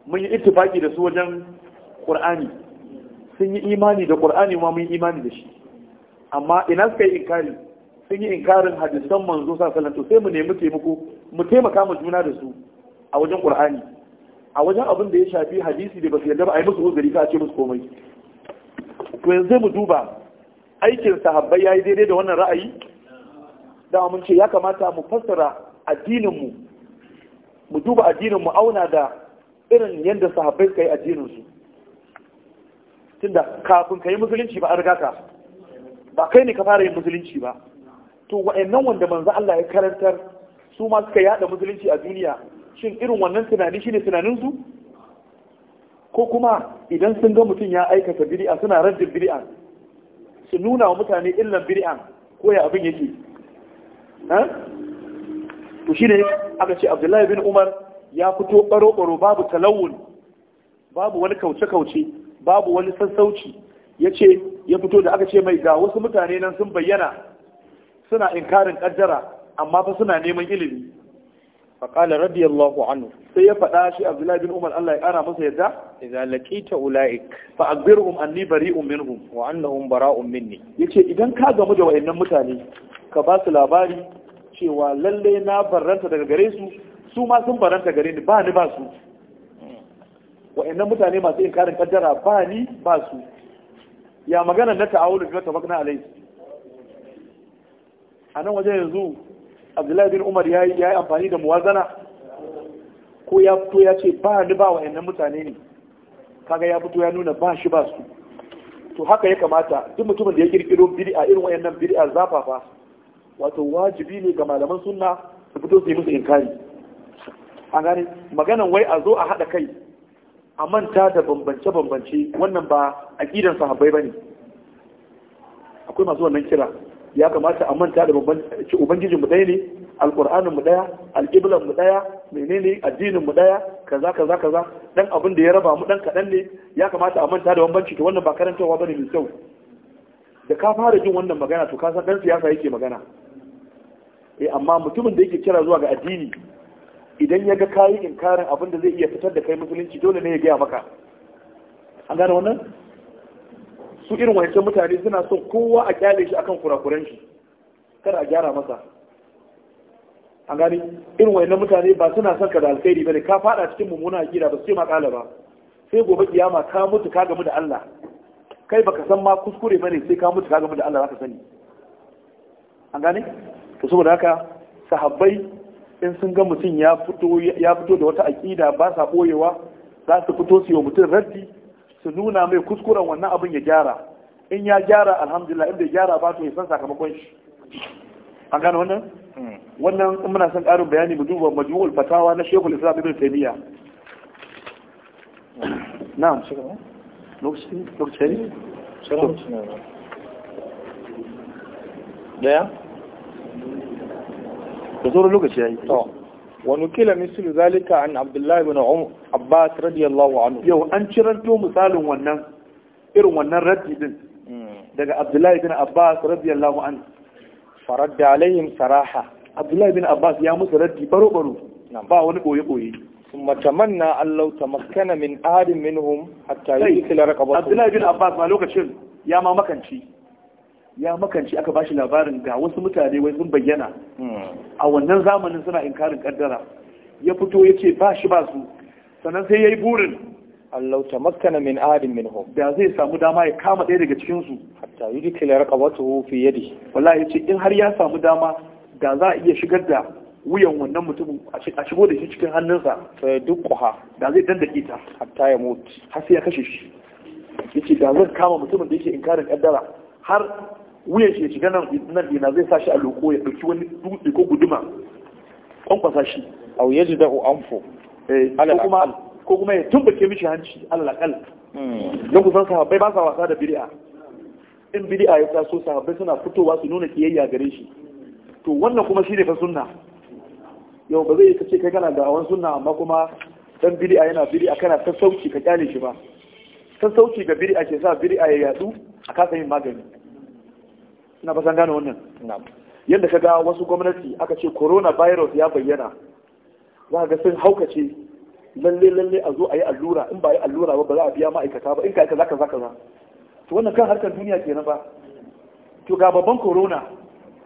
mun yi ittifaki da su wajen qur'ani sun yi imani da qur'ani ma mun yi imani da shi amma ina suka yi inkari sun yi inkarin hadisan manzo sa sallan to sai mu nemi taimako mu taimaka mu juna da su a wajen qur'ani a wajen abin da ya shafi hadisi da basu yarda ba a musu uzuri ka ce musu komai to yanzu mu duba aikin sahabbai yayi daidai da wannan ra'ayi da mun ce ya kamata mu fassara addinin mu duba addinin mu auna da irin yadda sahabbai suka yi addinin su tunda kafin ka yi musulunci ba a riga ka ba kai ne ka fara yin musulunci ba to wa'annan wanda manzo Allah ya karantar su ma suka yada musulunci a duniya shin irin wannan tunani shine tunanin su ko kuma idan sun ga mutum ya aikata bid'a suna raddin bid'a su nuna wa mutane illan bid'a ko ya abin yake to shine aka ce Abdullahi bin Umar ya fito baro baro babu talawun babu wani kauce kauce babu wani sassauci yace ya fito da aka ce mai ga wasu mutane nan sun bayyana suna inkarin kaddara amma fa suna neman ilimi faqala radiyallahu anhu sai ya faɗa shi abdullahi bin umar Allah ya ƙara masa yadda idza laqita ulaik fa akhbirhum anni bari'un minhum wa annahum bara'un minni yace idan ka gamu da wayannan mutane ka ba su labari cewa lalle na barranta daga gare su su ma sun baranta gare ni ba ni ba su wayannan mutane masu inkarin kaddara ba ni ba su ya magana na ta'awul bi wata bakna alai a nan waje yanzu abdullahi bin umar ya yi amfani da muwazana ko ya fito ya ce ba ni ba wa mutane ne kaga ya fito ya nuna ba shi ba su to haka ya kamata duk mutumin da ya kirkiro bid'a irin wa'annan bid'a zafafa wato wajibi ne ga malaman sunna su fito su yi musu inkari an gane maganan wai a zo a haɗa kai a manta da bambance-bambance wannan ba aƙidan sahabbai ba ne akwai masu wannan kira ya kamata a manta da ubangijin mu ɗaya ne alƙur'anin mu ɗaya alƙiblan mu ɗaya menene addinin mu ɗaya kaza kaza kaza dan abin da ya raba mu dan kaɗan ne ya kamata a manta da bambanci to wannan ba karantarwa bane mai kyau da ka fara jin wannan magana to ka san dan siyasa yake magana eh amma mutumin da yake kira zuwa ga addini idan ya ga kayi inkarin abin da zai iya fitar da kai musulunci dole ne ya gaya maka an gane wannan su irin wancan mutane suna son kowa a kyale shi akan kurakuran shi kada a gyara masa A gani irin wayannan mutane ba suna son ka da alkhairi bane ka fada cikin mummuna akida ba sai makala ba sai gobe kiyama ka mutu ka gamu da Allah kai baka san ma kuskure bane sai ka mutu ka gamu da Allah zaka sani A gani to saboda haka sahabbai in sun ga mutum ya fito ya fito da wata akida ba sa boyewa za su fito su yi wa mutum raddi su nuna mai kuskuren wannan abin ya gyara in ya gyara alhamdulillah in bai gyara ba to ya san sakamakon shi an gano wannan hmm. wannan in muna son karin bayani mu duba majmu'ul fatawa na shekul islam ibn taymiya na'am lokaci lokaci daya da lokaci yayi to ونكل مثل ذلك عن عبد الله بن عباس رضي الله عنه يو انشرنتو مثال ونن irin wannan raddi din daga abdullahi bin abbas radiyallahu an farad da alaihim saraha abdullahi bin abbas ya musu raddi baro baro ba wani koyi koyi sun matamanna allau tamakkana min adin minhum hatta yi kila rakabatu abdullahi bin abbas ma lokacin ya ma makanci ya makanci aka bashi labarin ga wasu mutane wai sun bayyana a wannan zamanin suna inkarin kaddara ya fito ya ce ba shi ba su sannan sai ya yi burin Allah ta makana min adin min hum da zai samu dama ya kama ɗaya daga cikinsu hatta yi dika ya raka hufi yadi wallahi ya ce in har ya samu dama da za a iya shigar da wuyan wannan mutumin a shigo da shi cikin hannunsa sai duk kuha da zai dandake ita. hatta ya mutu har sai ya kashe shi yace da zan kama mutumin da yake inkarin kaddara har Wuya shi ya shiga nan nan dina zai sashi a loko ya ɗauki wani dutse ko guduma kwankwasa shi a wuya ji da'u anfo eh, ko kuma ya tumbuke mishi hanci alalakal hmm. don kusan sahabbai ba sa wasa da bid'a in bid'a ya taso sahabbai suna fitowa su nuna kiyayya gare shi to wannan kuma shine fa sunna yau ba zai kace kai kana da awan sunna amma kuma dan bid'a yana bid'a kana sassauci ka kyale shi ba sassauci ga bid'a ke sa bid'a ya yadu a kasa yin magani ina basan gano gane wannan yadda ka ga wasu gwamnati aka ce coronavirus ya bayyana za ga sun haukace lalle lalle a zo a yi allura in ba a yi allura ba ba za a biya ma'aikata ba in ka kaza kaza kaza to wannan kan harkar duniya ke ba to ga babban corona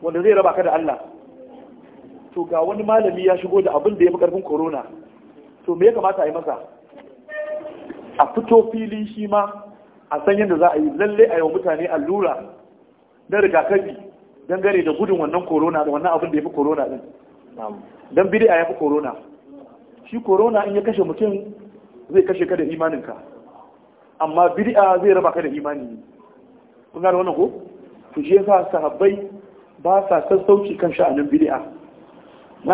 wanda zai raba ka da Allah to ga wani malami ya shigo da abin da ya fi karfin corona to me ya kamata a yi masa a fito fili shi ma a san yadda za a yi lalle a yi wa mutane allura na rigakafi dangane da gudun wannan corona da wannan abin da ya fi corona din don a ya fi corona shi corona in ya kashe mutum zai kashe ka da imaninka amma a zai raba ka da imani kun gane wannan ko to shi yasa sahabbai ba sa sassauci kan sha'anin Na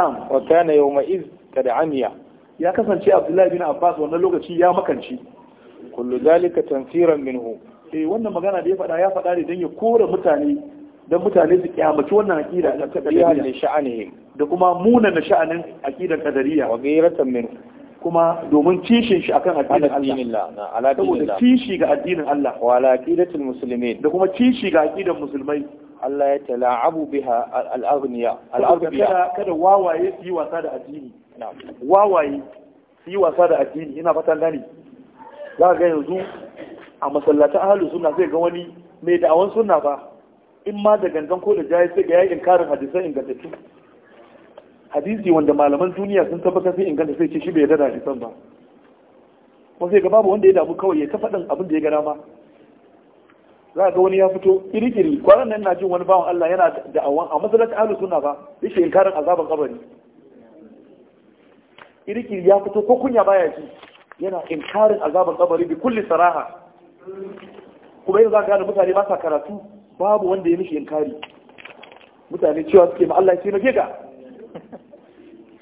na'am wa kana yawma iz da amiya ya kasance Abdullahi bin Abbas wannan lokaci ya makanci kullu zalika tanfiran minhu eh wannan magana da ya faɗa ya faɗa ne don ya kora mutane don mutane su kyamaci wannan aƙida da kadariya da kuma muna na sha'anin aƙidar kadariya wa gairatan min kuma domin kishin shi akan addinin Allah saboda kishi ga addinin Allah wa ala aqidatul muslimin da kuma kishi ga aqidan musulmai Allah ya tala'abu biha al-aghniya al-aghniya kada wawaye su yi wasa da addini wawaye su yi wasa da addini ina fatan gani za ga yanzu a masallata ahalus suna sai ga wani mai da'awan suna ba in ma da gangan ko da jayi sai ga yakin karin hadisan ingantattu hadisi wanda malaman duniya sun tabbatar sai inganta sai ce shi bai yarda da hadisan ba ko sai ga babu wanda ya damu kawai ya ta faɗin abin da ya gana ma za ga wani ya fito iri-iri kwanan nan na jin wani bawan Allah yana da'awan a masallacin ahlus suna ba yake inkarin azaban kabari iri-iri ya fito ko kunya baya ji yana inkarin azaban kabari bi kulli saraha kuma yin za ka gane mutane ba karatu babu wanda ya mishi inkari mutane cewa suke ma Allah ya na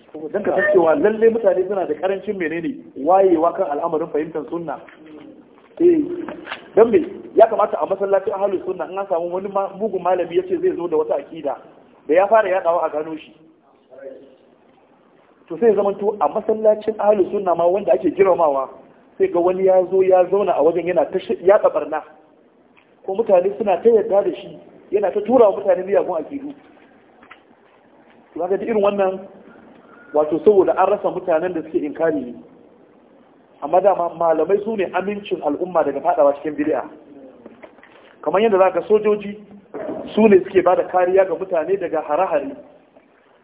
ka don ka lalle mutane suna da karancin menene wayewa kan al'amarin fahimtar sunna eh don me ya kamata a masallacin ahalu sunna in an samu wani mugun malami ce zai zo da wata akida da ya fara yadawa a gano shi to sai zama to a masallacin ahalu sunna ma wanda ake girmamawa sai ga wani ya zo ya zauna a wajen yana ta ya barna ko mutane suna ta yarda da shi yana ta tura wa mutane miyagun akidu to ga irin wannan wato saboda an rasa mutanen da suke inkari ne amma dama malamai su ne amincin al'umma daga fadawa cikin bid'a kamar yadda zaka sojoji su ne suke bada kariya ga mutane daga harahari,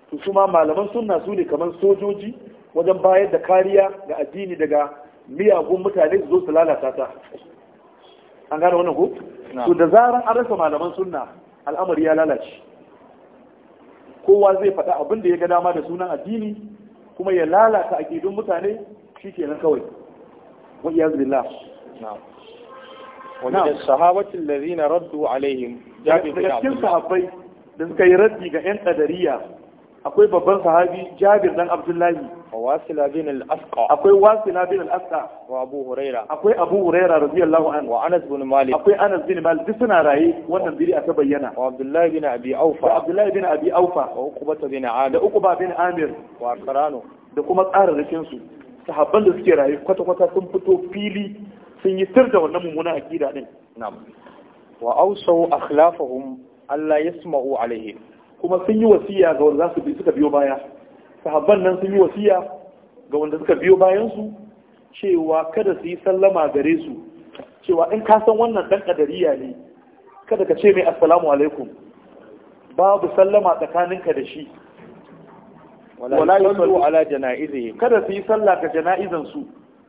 to su ma malaman sunna su ne kamar sojoji wajen bayar da kariya ga addini daga miyagun mutane su zo su lalata ta an gane wannan ko su da zaran an rasa malaman sunna al'amari ya lalace kowa zai faɗa abin da ya ga dama da sunan addini kuma ya lalata akidun mutane shi kenan kawai wa zubi billah wani da sahabatin zina raddu alaihim jabi bin abdullah sahabbai da suka yi raddi ga yan tsadariya. akwai babban sahabi Jabir dan Abdullahi wa Wasila bin al-Asqa akwai Wasila bin al-Asqa wa Abu Huraira akwai Abu Huraira radiyallahu anhu wa Anas bin Malik akwai Anas bin Malik duk suna raye wannan bid'a ta bayyana wa Abdullahi bin Abi Aufa wa Abdullahi bin Abi Aufa wa Uqba bin Amir da Uqba bin Amir wa Qarano da kuma tsararrakin su sahabban da suke raye kwata-kwata sun fito fili sun yi sir da wannan mummunan akida din na'am wa awsaw akhlafahum Allah yasma'u alaihim kuma sun yi wasiya ga wanda su suka biyo baya sahabban nan sun yi wasiya ga wanda suka biyo bayan su cewa kada su yi sallama gare su cewa in ka san wannan dan kadariya ne kada ka ce mai assalamu alaikum babu sallama tsakaninka da shi wala yusallu ala janaizihi kada su yi sallah ga janaizan su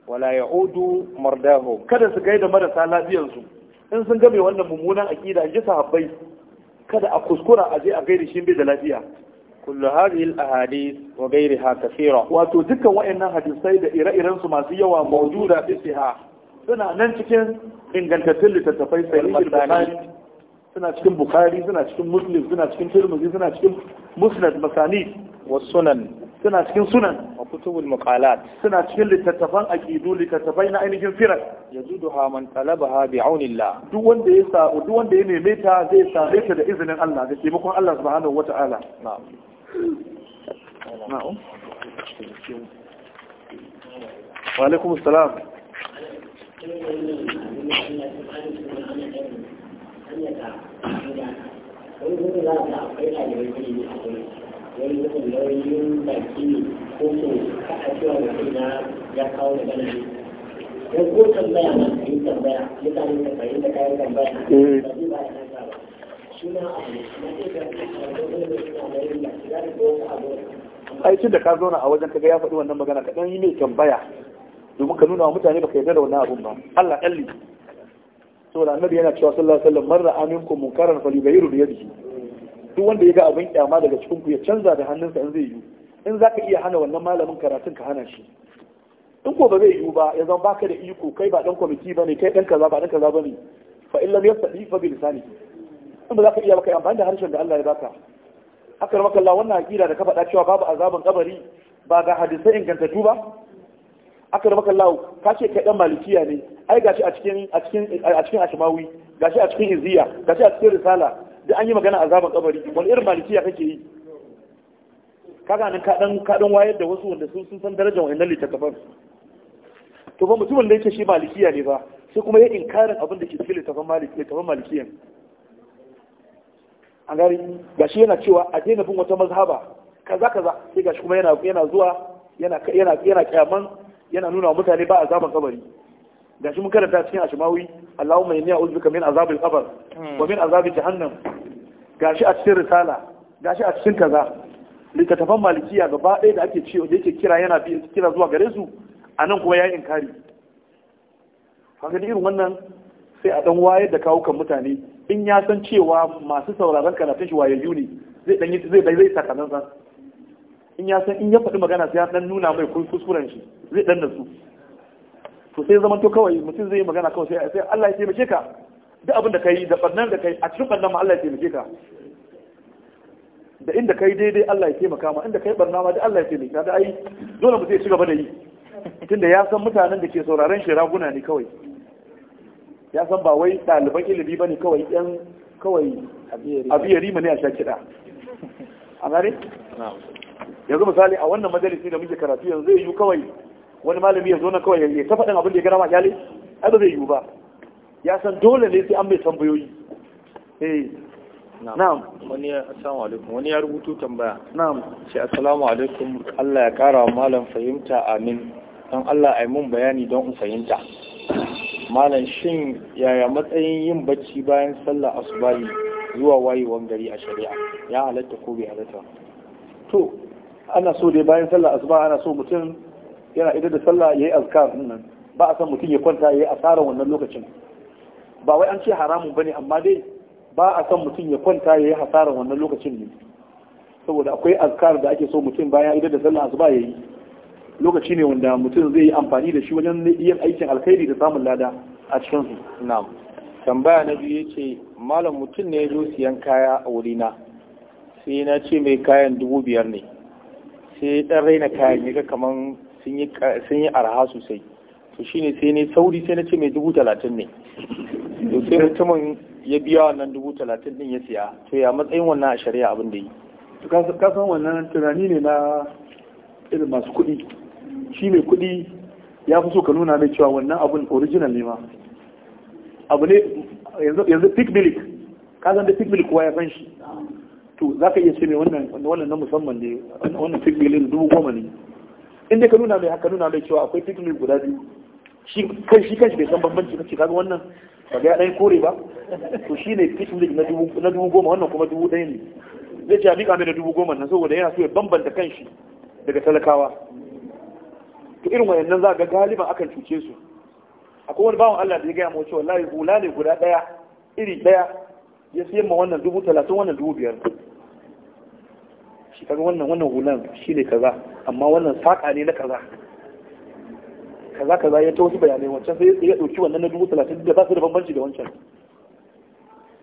wala yaudu mardahu kada su gaida marasa lafiyan su in sun ga mai wannan mummunan akida ji sahabbai kada a kuskura a je a gairi shi bai da lafiya kullu hadhihi al-ahadith wa ghayriha kathira wato dukkan wayannan hadisai da ire-iren su masu yawa mawjuda fi siha suna nan cikin ingantattun littattafai sahihul bukhari suna cikin bukhari suna cikin muslim suna cikin tirmidhi suna cikin musnad masani wa sunan suna cikin sunan wa kutubul muqalat suna cikin littattafan aqidu littattafai na ainihin firar yazuduha man talabaha bi aunillah duk wanda ya duk wanda ya neme ta zai same ta da izinin Allah da taimakon Allah subhanahu wata'ala na'am na'am wa alaikum assalam wani gudu za a akwai ɗalibai ne a gudu wani zubin nauyin baki ne ko ko ka a cewa mutum na ya kawo da ne? ko ko tambaya ma ka yi tambaya ya ta yi tambaya ta yi tambaya ba zai ba ya nasa ba suna abu na ke ga ai tun da ka zauna a wajen kaga ya faɗi wannan magana ka ɗan yi mai tambaya domin ka nuna wa mutane baka yarda da wannan abun ba Allah ɗalli saboda annabi yana cewa sallallahu alaihi wasallam marra aminkum munkaran falyughayyiru bi yadihi duk wanda ya ga abin kyama daga cikin ku ya canza da hannunsa in zai yi in za ka iya hana wannan malamin karatun ka hana shi in ko ba zai yi ba ya zama baka da iko kai ba dan kwamiti bane kai dan kaza ba dan kaza bane fa illam yastadi fa bi lisani in ba za ka iya ba kai amfani da harshen da Allah ya baka haka maka Allah wannan hakira da ka faɗa cewa babu azabin kabari ba ga hadisai ingantattu ba aka da makallahu ka ce kai dan malikiya ne ai gashi a cikin a cikin a cikin ashmawi gashi a cikin iziya gashi a cikin risala da an yi magana a zaben kabari wani irin malikiya kake yi kaga nan kaɗan kaɗan wayar da wasu wanda sun san darajar wa'annan littattafan to ba mutumin da yake shi malikiya ne ba sai kuma ya inkarin abin da ke cikin littattafan malikiya. A an gari gashi yana cewa a daina bin wata mazhaba kaza kaza sai gashi kuma yana yana zuwa yana yana yana kyaman yana nuna wa mutane ba a zaben kabari gashi mun karanta cikin ashmawi Allahumma inni a'udhu bika min azabil qabr wa min azabi jahannam gashi a cikin risala gashi a cikin kaza littattafan malikiya gaba ɗaya da ake cewa da yake kira yana bi kira zuwa gare su a nan kuma ya yi inkari haka irin wannan sai a dan wayar da kawo kan mutane in ya san cewa masu sauraron karatun shi wayayyu ne zai yi zai dan zai saka in ya san in ya faɗi magana sai ya ɗan nuna mai kuskuren shi zai ɗan da su to sai zaman to kawai mutum zai yi magana kawai sai Allah ya taimake ka duk abin da kai da bannan da kai a cikin bannan ma Allah ya taimake ka da inda kai daidai Allah ya taimaka ma inda kai barna ma da Allah ya taimaka da ai dole mu zai ci gaba da yi tunda ya san mutanen da ke sauraron shi raguna ne kawai ya san ba wai ɗaliban ilimi ba ne kawai ɗan kawai abiyari ne a sha kiɗa a gare? yanzu misali a wannan majalisi da muke karatu yanzu zai yi kawai wani malami ya zo na kawai ya ta faɗin abin da ya gara ma kyale ai ba zai yi ba ya san dole ne sai an mai tambayoyi bayoyi. Eh, na'am wani ya rubutu tambaya na'am ce assalamu alaikum Allah ya kara wa malam fahimta amin don Allah yi mun bayani don in fahimta malam shin yaya matsayin yin bacci bayan sallah asubahi zuwa wayewan gari a shari'a ya halatta ko bai halatta to ana so dai bayan sallah asuba ana so mutum yana idan da sallah ya yi azkar nan ba a san mutum ya kwanta ya yi asarar wannan lokacin ba wai an ce haramun bane amma dai ba a son mutum ya kwanta ya yi hasarar wannan lokacin ne saboda akwai azkar da ake so mutum bayan idan da sallah asuba ya yi lokaci ne wanda mutum zai yi amfani da shi wajen yin aikin alkhairi da samun lada a cikin su na'am tambaya na biyu yace malam mutum ne ya zo siyan kaya a wurina sai na ce mai kayan dubu biyar ne sai dan raina kayan ne ga kaman sun yi arha sosai to shine sai ne sauri sai na ce mai dubu talatin ne to sai mutumin ya biya wannan dubu talatin din ya siya to ya matsayin wannan a shari'a abin da yi to ka san wannan tunani ne na irin masu kuɗi shi mai kuɗi ya fi so ka nuna mai cewa wannan abun original ne ma abu ne yanzu pick milik ka san da pick milik kuwa ya san shi to za ka iya ce mai wannan na musamman ne wannan pick milik dubu goma ne in dai ka nuna mai haka nuna mai cewa akwai pick milik guda biyu shi kan shi bai san bambanci kace kaga wannan ka ga ɗan kore ba to shine ne fitlik na dubu goma wannan kuma dubu ɗaya ne zai ce a miƙa mai dubu goma nan saboda yana so ya bambanta kanshi daga talakawa to irin wayannan za ga galiban akan cuce su akwai wani bawan Allah da ya gaya mawa cewa layi hula ne guda ɗaya iri ɗaya ya siyan ma wannan dubu talatin wannan dubu biyar shi kaga wannan wannan hulan shi ne kaza amma wannan saƙa ne na kaza kaza kaza ya ta wasu bayanai wancan sai ya ɗauki wannan na dubu talatin da ba su da bambanci da wancan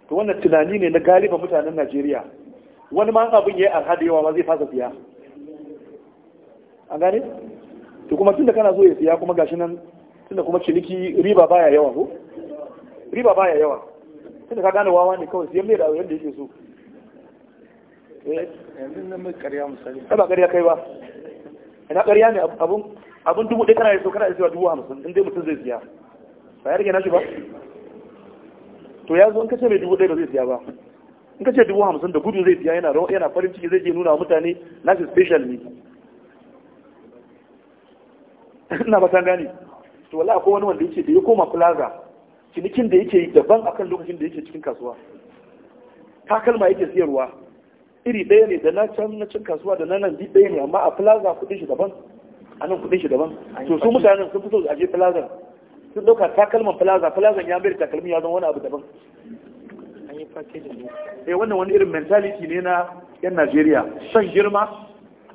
to wannan tunani ne na galiba mutanen najeriya wani ma abin ya yi arha da yawa ma zai fasa siya an gane to kuma tunda kana so ya siya kuma gashi nan tunda kuma ciniki riba baya yawa ko riba baya yawa tunda ka gane wawa ne kawai siyan mai da yadda yake so eh? yanzu na mai karya misali ba karya kai ba ina karya ne abun abin dubu ɗaya kana da so da dubu hamsin in dai mutum zai siya ba ya rage nashi ba to ya zo in kace mai dubu ɗaya ba zai siya ba in kace dubu hamsin da gudu zai siya yana yana farin ciki zai je nuna wa mutane nashi special ne ina ba san to wallahi akwai wani wanda yake da ya koma plaza cinikin da yake daban akan lokacin da yake cikin kasuwa takalma yake siyarwa iri ɗaya ne da na can na cin kasuwa da na nan bi ɗaya ne amma a plaza kuɗin shi daban a nan kudin shi daban to su mutanen sun fito a je plaza sun dauka takalman plaza plaza ya mai takalmi ya zama wani abu daban eh wannan wani irin mentality ne na yan Najeriya san girma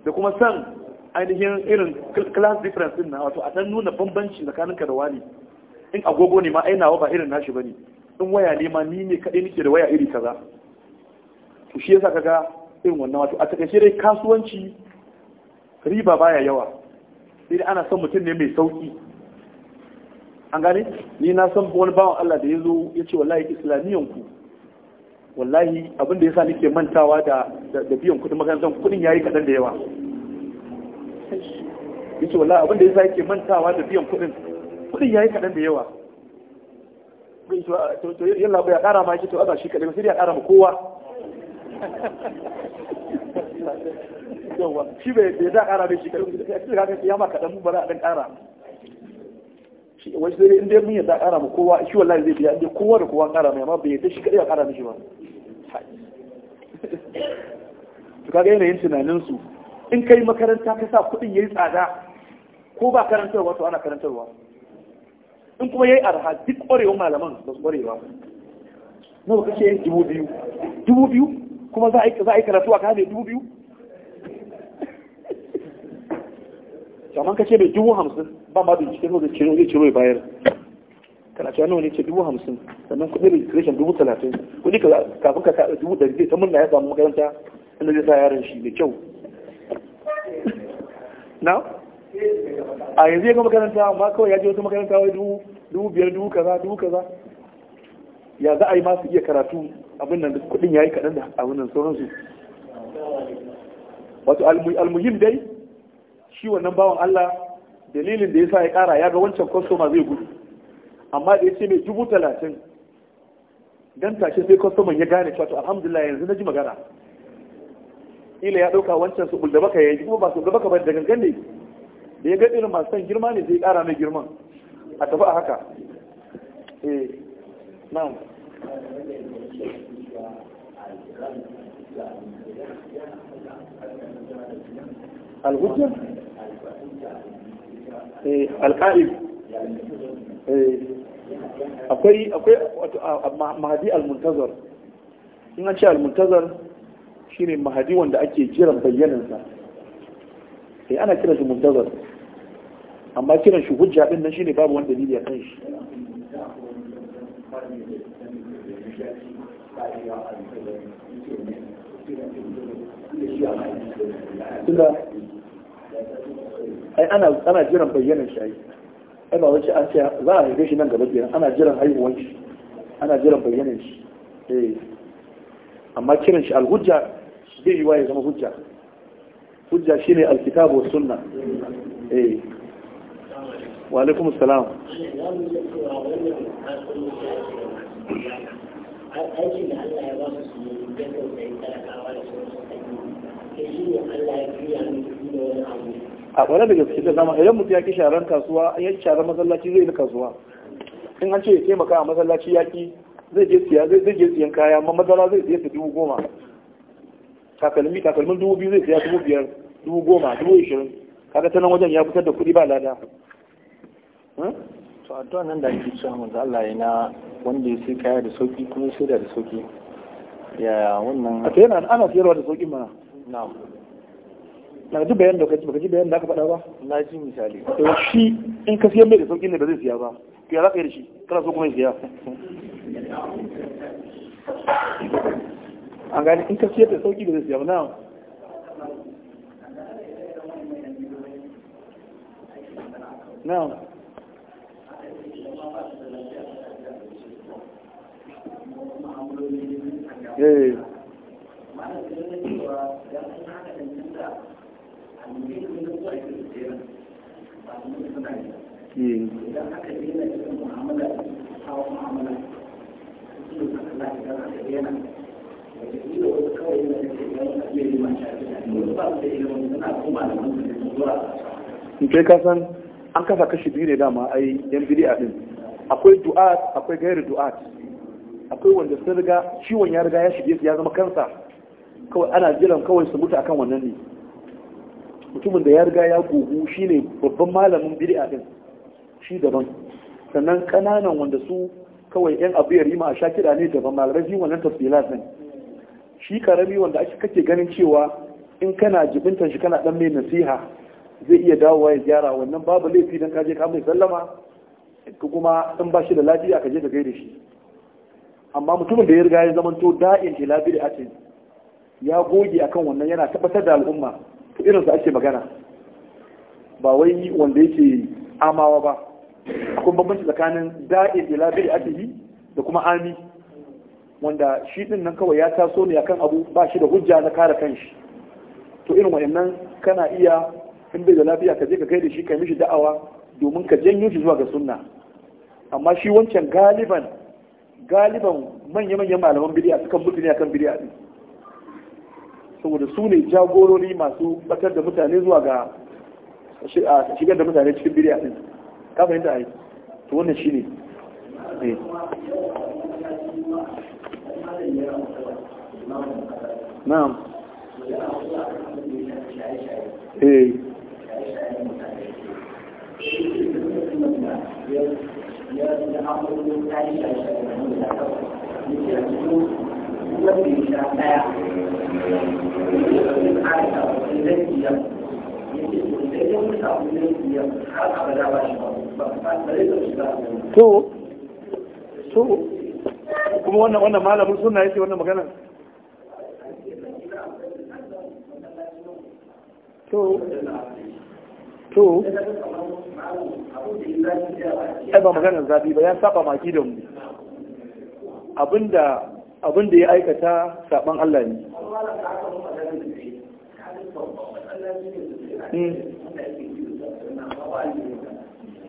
da kuma san ainihin irin class difference din na wato a san nuna bambanci tsakanin ka da wani in agogo ne ma ai nawa ba irin nashi bane in waya ne ma ni ne kadai nake da waya iri kaza to shi yasa kaga irin wannan wato a takaice dai kasuwanci riba baya yawa sai ana son mutum ne mai sauki an gane ni na san wani bawan Allah da ya zo ya ce wallahi islamiyan ku wallahi abinda ya sa ke mantawa da da biyan kudin makarantar kudin yayi kadan da yawa Ya ce wallahi abinda ya sa yake mantawa da biyan kudin kudin yayi kadan da yawa to to yalla ya kara ma shi to za shi kadan sai ya kara ma kowa yawwa shi bai bai za ƙara shi ya ma kaɗan mu ba a ɗan ƙara sai za a ƙara kowa shi wallahi zai biya inda kowa da kowa ƙara mai amma bai yadda shi kaɗai a ƙara mishi ba yanayin tunanin su in kai yayi tsada ko ba kuma duk malaman ba su za a yi karatu a kamar ka ce mai dubu hamsin ba ma bincike ko da ciro zai ciro ya bayar kana cewa nawa ne ce dubu hamsin sannan kuɗin registration dubu talatin kuɗi kafin ka kaɗa dubu ɗari ta murna ya samu makaranta inda zai sa yaron shi mai kyau na a yanzu ya ga makaranta amma kawai ya je wata makaranta wai dubu biyar dubu kaza dubu kaza ya za a yi masu iya karatu abin nan kuɗin ya yi kaɗan da abin nan sauransu wato almuhim dai shi wannan bawan Allah dalilin da ya sa ya ƙara ya ga wancan kwastoma zai gudu amma da ya ce mai dubu talatin dan tashe sai kwastoman ya gane cewa alhamdulillah yanzu na ji magana ila ya ɗauka wancan su bulda baka ya yi kuma ba su baka ba da gangan ne da ya ga irin masu son girma ne zai ƙara mai girman a tafi a haka eh na'am al hujjah Eh, eh, akwai akwai mahadi almuntazar in an ce almuntazar shine mahadi wanda ake jiran bayyanansa sai eh, ana kiran shi muntazar amma kiran shi hujja din nan shine babu wanda dalili a kan shi tunda ai ana jiran bayyanar shi ai ai ba wace an ce za a haife shi nan gaba kenan ana jiran haihuwan shi ana jiran bayyanar shi eh amma kiran shi alhujja zai yi waye zama hujja hujja shine alkitabu wa sunna eh wa alaikum assalam aikin da Allah ya ba su su yi da shi ne Allah ya da wani abu a ƙwarar da gaske da zama idan mutum ya ki sharan kasuwa ya ki sharan masallaci zai yi kasuwa in an ce ya taimaka a masallaci ya ki zai je siya zai je siyan kaya amma madara zai siya ta dubu goma takalmi takalmin dubu biyu zai siya dubu biyar dubu goma dubu ishirin kaga ta nan wajen ya fitar da kuɗi ba lada hmm? to addu'a nan da ake cewa manzo Allah ya na wanda ya sai kaya da sauki kuma sai da sauki ya wannan a ta yana ana siyarwa da sauki mana na'am na ji bayan lokaci kaji baka ji bayan da aka faɗa ba na ji misali to shi in ka siya mai da sauƙi ne ba zai siya ba to ya za ka yi da shi kana so kuma ya siya an gani in ka siya da sauƙi ba zai siya ba na na yeah. idan eh. aka mu'amala mu'amala ka san an kasa kashi biyu ne dama ai yan bidi'a din akwai du'at akwai gairi du'at akwai wanda sun riga ciwon ya riga ya shige ya zama kansa kawai ana jiran kawai su mutu akan wannan ne mutumin da ya riga ya gugu shi ne babban malamin bid'a din shi daban sannan kananan wanda su kawai yan abu ya rima a sha kiɗa ne daban malamai wannan tafsilat din shi karami wanda ake kake ganin cewa in kana jibinta shi kana dan mai nasiha zai iya dawowa ya gyara wannan babu laifi dan kaje ka mai sallama kuma in ba shi da lafiya ka je ka gaida shi amma mutumin da ya riga ya zamanto da'in a ce ya goge akan wannan yana tabbatar da al'umma to irin su ake magana ba wai wanda yake amawa ba akwai bambanci tsakanin da'in ila adhi da kuma ami wanda shi din nan kawai ya taso ne akan abu ba shi da hujja na kare kanshi to irin wayannan kana iya in bai da lafiya ka je ka kai da shi ka mishi da'awa domin ka janyo shi zuwa ga sunna amma shi wancan galiban galiban manya-manyan malaman bidiya sukan mutu ne akan bidiya din saboda su ne jagorori masu batar da mutane zuwa ga shigar da mutane cikin biriya din ka fahimta ai to wannan shine ne eh. na'am eh ya to to kuma wannan wannan malamin suna yake wannan magana to to ai ba maganar zafi ba ya saba maki da mu abinda abinda ya aikata saban Allah ne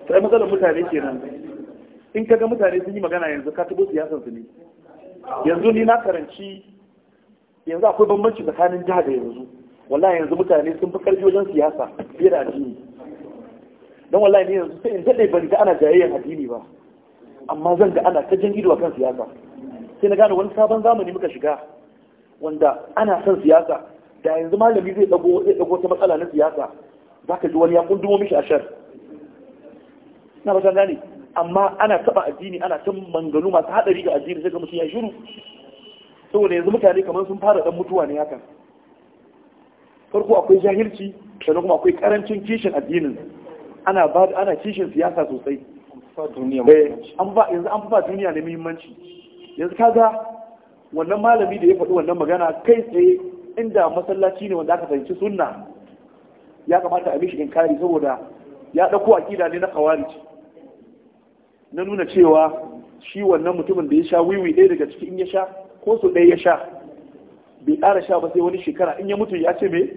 sai matsalar mutane kenan in kaga mutane sun yi magana yanzu ka tabo siyasar su ne yanzu ni na karanci yanzu akwai bambanci tsakanin jiha da yanzu wallahi yanzu mutane sun fi karfi wajen siyasa fiye da addini don wallahi ne yanzu sai in daɗe ban ga ana jayayyar addini ba amma zan ga ana ta jan ido kan siyasa sai na gane wani sabon zamani muka shiga wanda ana son siyasa da yanzu malami zai dago zai dago ta matsala na siyasa za ka ji wani ya kundumo mishi a shar na ba gane amma ana taba addini ana ta manganu masu hadari ga addini sai ga mutum ya shiru saboda yanzu mutane kamar sun fara dan mutuwa ne hakan farko akwai jahilci sannan kuma akwai karancin kishin addinin ana ba ana kishin siyasa sosai eh, an ba yanzu an ba duniya ne muhimmanci yanzu kaga wannan malami da ya faɗi wannan magana kai tsaye inda masallaci ne wanda aka fahimci sunna ya kamata a mishi inkari saboda ya ɗauko aƙida ne na kawarici na nuna cewa shi wannan mutumin da ya sha wiwi ɗaya daga ciki in ya sha ko su ɗaya ya sha bai ƙara sha ba sai wani shekara in ya mutu ya ce me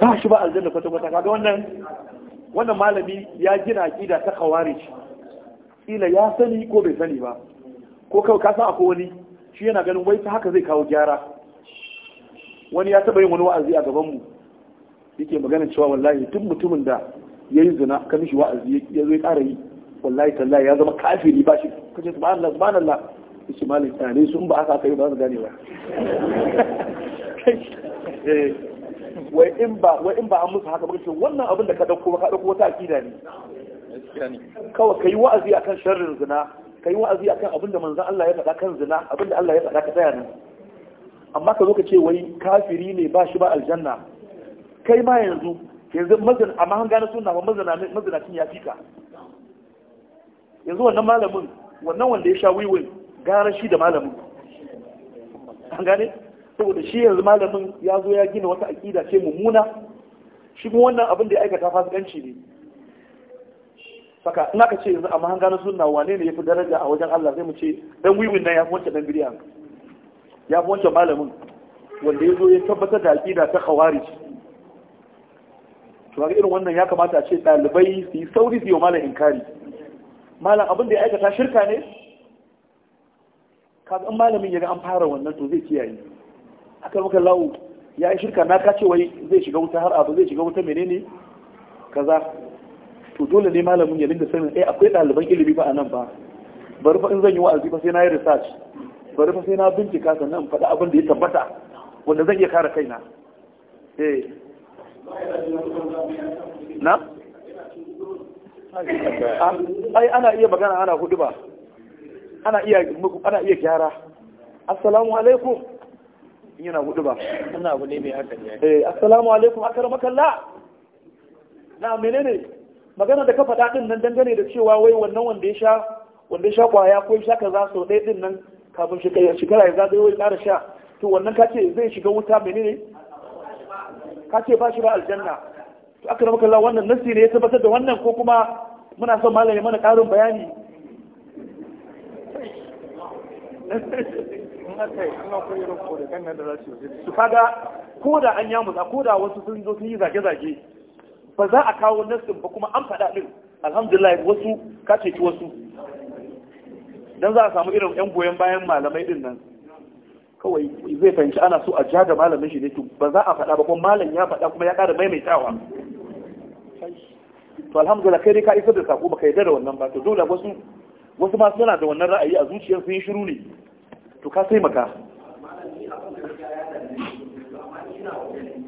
ba shi ba aljanna kwata kwata kaga wannan wannan malami ya gina aƙida ta kawarici kila ya sani ko bai sani ba ko kawai kasa a akwai wani shi yana ganin wai ta haka zai kawo gyara wani ya taba yin wani wa'azi a gaban mu yake magana cewa wallahi tun mutumin da ya yi zina kan shi wa'azi ya zai kara ƙara yi wallahi tallahi ya zama kafiri ba shi kace subhanallah subhanallah yace malik tare sun ba aka kai ba su gane ba eh, wai in ba wai in ba an musu haka ba ce wannan abin da ka dauko ka dauko wata akida ne kawai kai wa'azi akan sharrin zina ka yi wa'azi akan abinda da manzan Allah ya faɗa kan zina abinda Allah ya faɗa ka tsaya nan amma ka zo ka ce wai kafiri ne ba shi ba aljanna kai ma yanzu yanzu mazan amma an gane sunna ba mazanacin ya fika yanzu wannan malamin wannan wanda ya sha wiwin gara shi da malamin an gane saboda shi yanzu malamin ya zo ya gina wata aƙida ce mummuna shi kuma wannan abin da ya aikata fasikanci ne saka in aka ce yanzu amma mahanga na sunna wane ne yafi daraja a wajen Allah sai mu ce dan wiwin nan yafi wancan dan bid'a yafi wancan malamin wanda ya zo ya tabbatar da aqida ta khawarij to ga irin wannan ya kamata a ce dalibai su yi sauri su yi malam inkari malam abin da ya aikata shirka ne ka in malamin ya ga an fara wannan to zai kiyaye haka muka lawo ya yi shirka na ka ce wai zai shiga wuta har abu zai shiga wuta menene kaza to dole ne malamin ya dinga sanin eh akwai ɗaliban ilimi ba a nan ba bari fa in zan yi wa'azi fa sai na yi research bari fa sai na bincika sannan faɗi abin da ya tabbata wanda zan iya kare kaina eh na ai ana iya magana ana hudu ba ana iya ana iya gyara assalamu alaikum yana hudu ba ina abu ne mai hakan ya eh assalamu alaikum akaramaka na menene magana da kafa daɗin nan dangane da cewa wai wannan wanda ya sha wanda ya sha kwaya ko ya sha kaza sau ɗaya ɗin nan kafin shekara ya zagaye wai ƙara sha to wannan ka ce zai shiga wuta menene ka ce ba shi ba aljanna to aka rama kalla wannan nasi ne ya tabbatar da wannan ko kuma muna son malami mana ƙarin bayani su kaga ko da an yamusa ko da wasu sun zo sun yi zage-zage ba za a kawo nassin ba kuma an faɗa ɗin alhamdulillah wasu ka ceci wasu don za a samu irin 'yan goyon bayan malamai ɗin nan kawai zai fahimci ana so a ja da malamin shi ne to ba za a faɗa ba kuma malam ya faɗa kuma ya ƙara maimaitawa to alhamdulillah kai dai ka isar da sako baka yarda da wannan ba to dole wasu wasu ma suna da wannan ra'ayi a zuciyar sun yi shiru ne to ka taimaka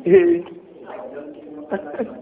eh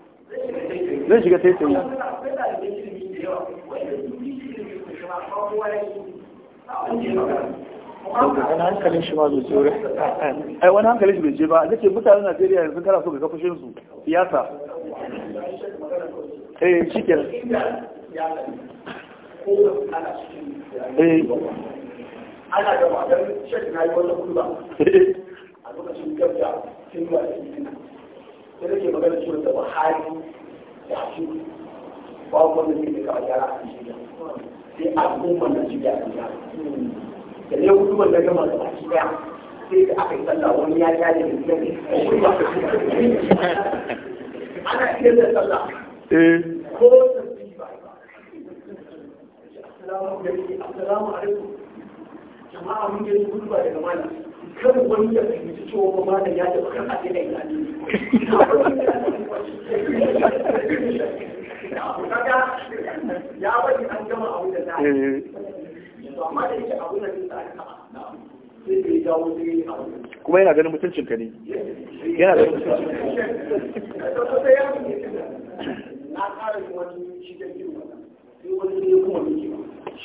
zai shiga sai sai wani hankalin shi ma zai ce wuri wani hankalin shi bai ce ba nake mutanen najeriya yanzu kara so ga kafashin su siyasa eh shi eh. ana da wadar shekina yi wata kudu ba eh. a lokacin gabda sun yi sai ke magana cewa da buhari da shi ba wanda zai daga gyara a cikin sai al'umma na shi da ya da ne hudu na gama da baki sai da aka yi wani ya ja da mutum ne ana iya eh. da sallah ko tasbihi ba assalamu alaikum assalamu alaikum jama'a mun je gudu ba daga mana. kan wani ya fahimci da ya taɓa kan a cikin ilani ya bari an gama abu da za yi eh. amma kuma yana ganin mutuncin ka ne yana ganin mutuncin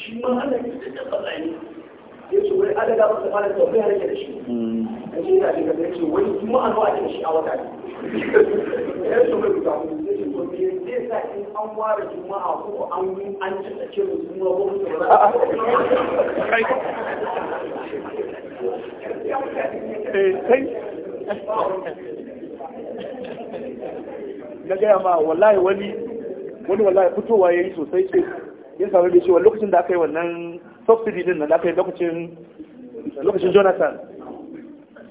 ka ne ya ce wai an daga masa fara tafiya da ke da shi hmm. a ce yana shiga da ya ce wani juma'a nawa ake da shi a wata ne ya ce wai guda ya ce to me zai sa in an ware juma'a ko an yi an ci a ce mutum ba ko mutum ba eh, kai na gaya ma wallahi wani wani wallahi fitowa ya yi sosai ce ya sami da cewa lokacin da aka yi wannan subsidy din nan da aka yi lokacin lokacin jonathan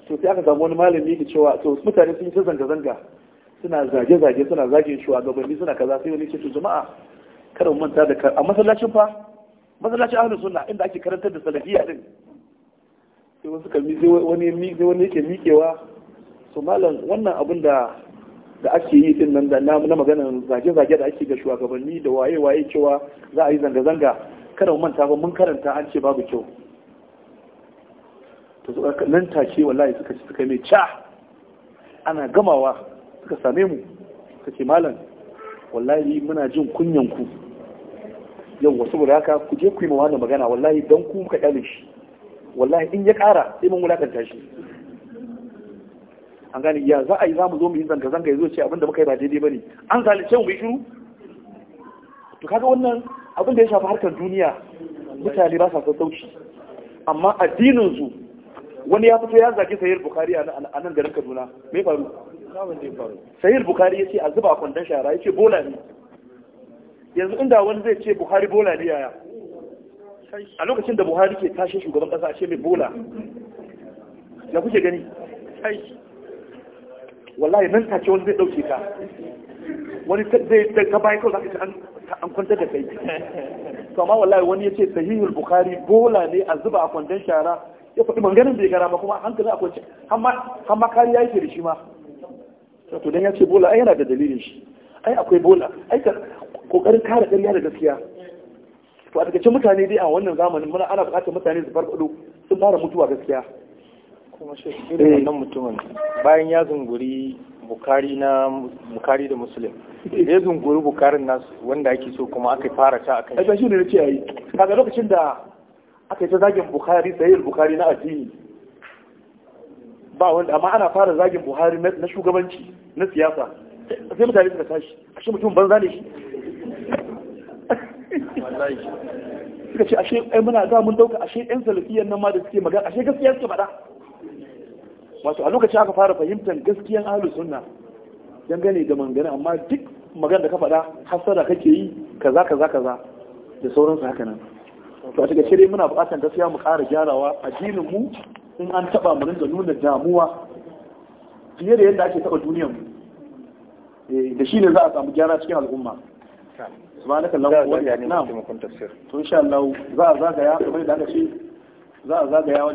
to sai aka samu wani malami da cewa to mutane sun yi ta zanga-zanga suna zage-zage suna zage shugabanni suna kaza sai wani ce to jama'a kada mu manta da a masallacin fa masallacin ahlus sunna inda ake karantar da salafiya din sai wasu kalmi sai wani mi sai wani yake mikewa to malam wannan abin da da ake yi din nan da na maganar zage-zage da ake ga shugabanni da waye-waye cewa za a yi zanga-zanga kada mu manta ba mun karanta an ce babu kyau to suka nan take wallahi suka ci suka mai ca ana gamawa suka same mu suka ce malam wallahi muna jin kunyan ku yau saboda haka ku je ku yi mawa magana wallahi dan ku muka kyale shi wallahi in ya kara sai mun wulakanta shi an gane ya za a yi za mu zo mu yi zanga-zanga ya zo ce abinda muka yi ba daidai ba ne an zalice mu bai shiru to kaga wannan abinda ya shafi harkar duniya mutane ba sa sassauci amma addininsu wani ya fito ya zaki sayar bukari a nan garin kaduna mai faru sayar bukari ya ce a zuba kwandon shara ya ce bola ne yanzu inda wani zai ce buhari bola ne yaya a lokacin da buhari ke tashi shugaban kasa a ce mai bola Ya kuke gani wallahi nan take wani zai dauke ka wani zai ta bayan kawai za ka ci an an kwantar da kai to amma wallahi wani yace sahihul bukhari bola ne a zuba a kwandon shara ya faɗi ganin bai gara ba kuma hankali a kwance har ma kariya yake da shi ma to dan yace bola ai yana da dalilin shi ai akwai bola ai kokarin kare ƙarya da gaskiya to a cikin mutane dai a wannan zamanin muna ana buƙatar mutane su farfado sun fara mutuwa gaskiya kuma shi irin wannan eh. mutumin bayan ya zunguri bukari na bukari da muslim ya zunguri bukarin nasu wanda ake so kuma aka fara ta akan shi shi ne ya yi kaga lokacin da aka yi ta zagin bukari sahih bukari na addini ba wanda amma ana fara zagin buhari na shugabanci na siyasa sai mutane suka tashi ashe mutum banza ne shi suka ce ashe ai muna ga mun dauka ashe ɗan salafiyan nan ma da suke magana ashe gaskiya suke faɗa wato a lokacin aka fara fahimtar gaskiyan ahlus sunna dangane da mangana amma duk magana da ka faɗa hasara kake yi kaza kaza kaza da sauransu haka nan to a cikin dai muna buƙatar gaskiya mu ƙara gyarawa addinin mu in an taɓa mu rinka nuna damuwa fiye da yadda ake taɓa duniyan mu eh, da shi ne za a samu gyara cikin al'umma subhanaka lahu wa bihamdika to insha Allah za a zagaya kamar da aka ce za a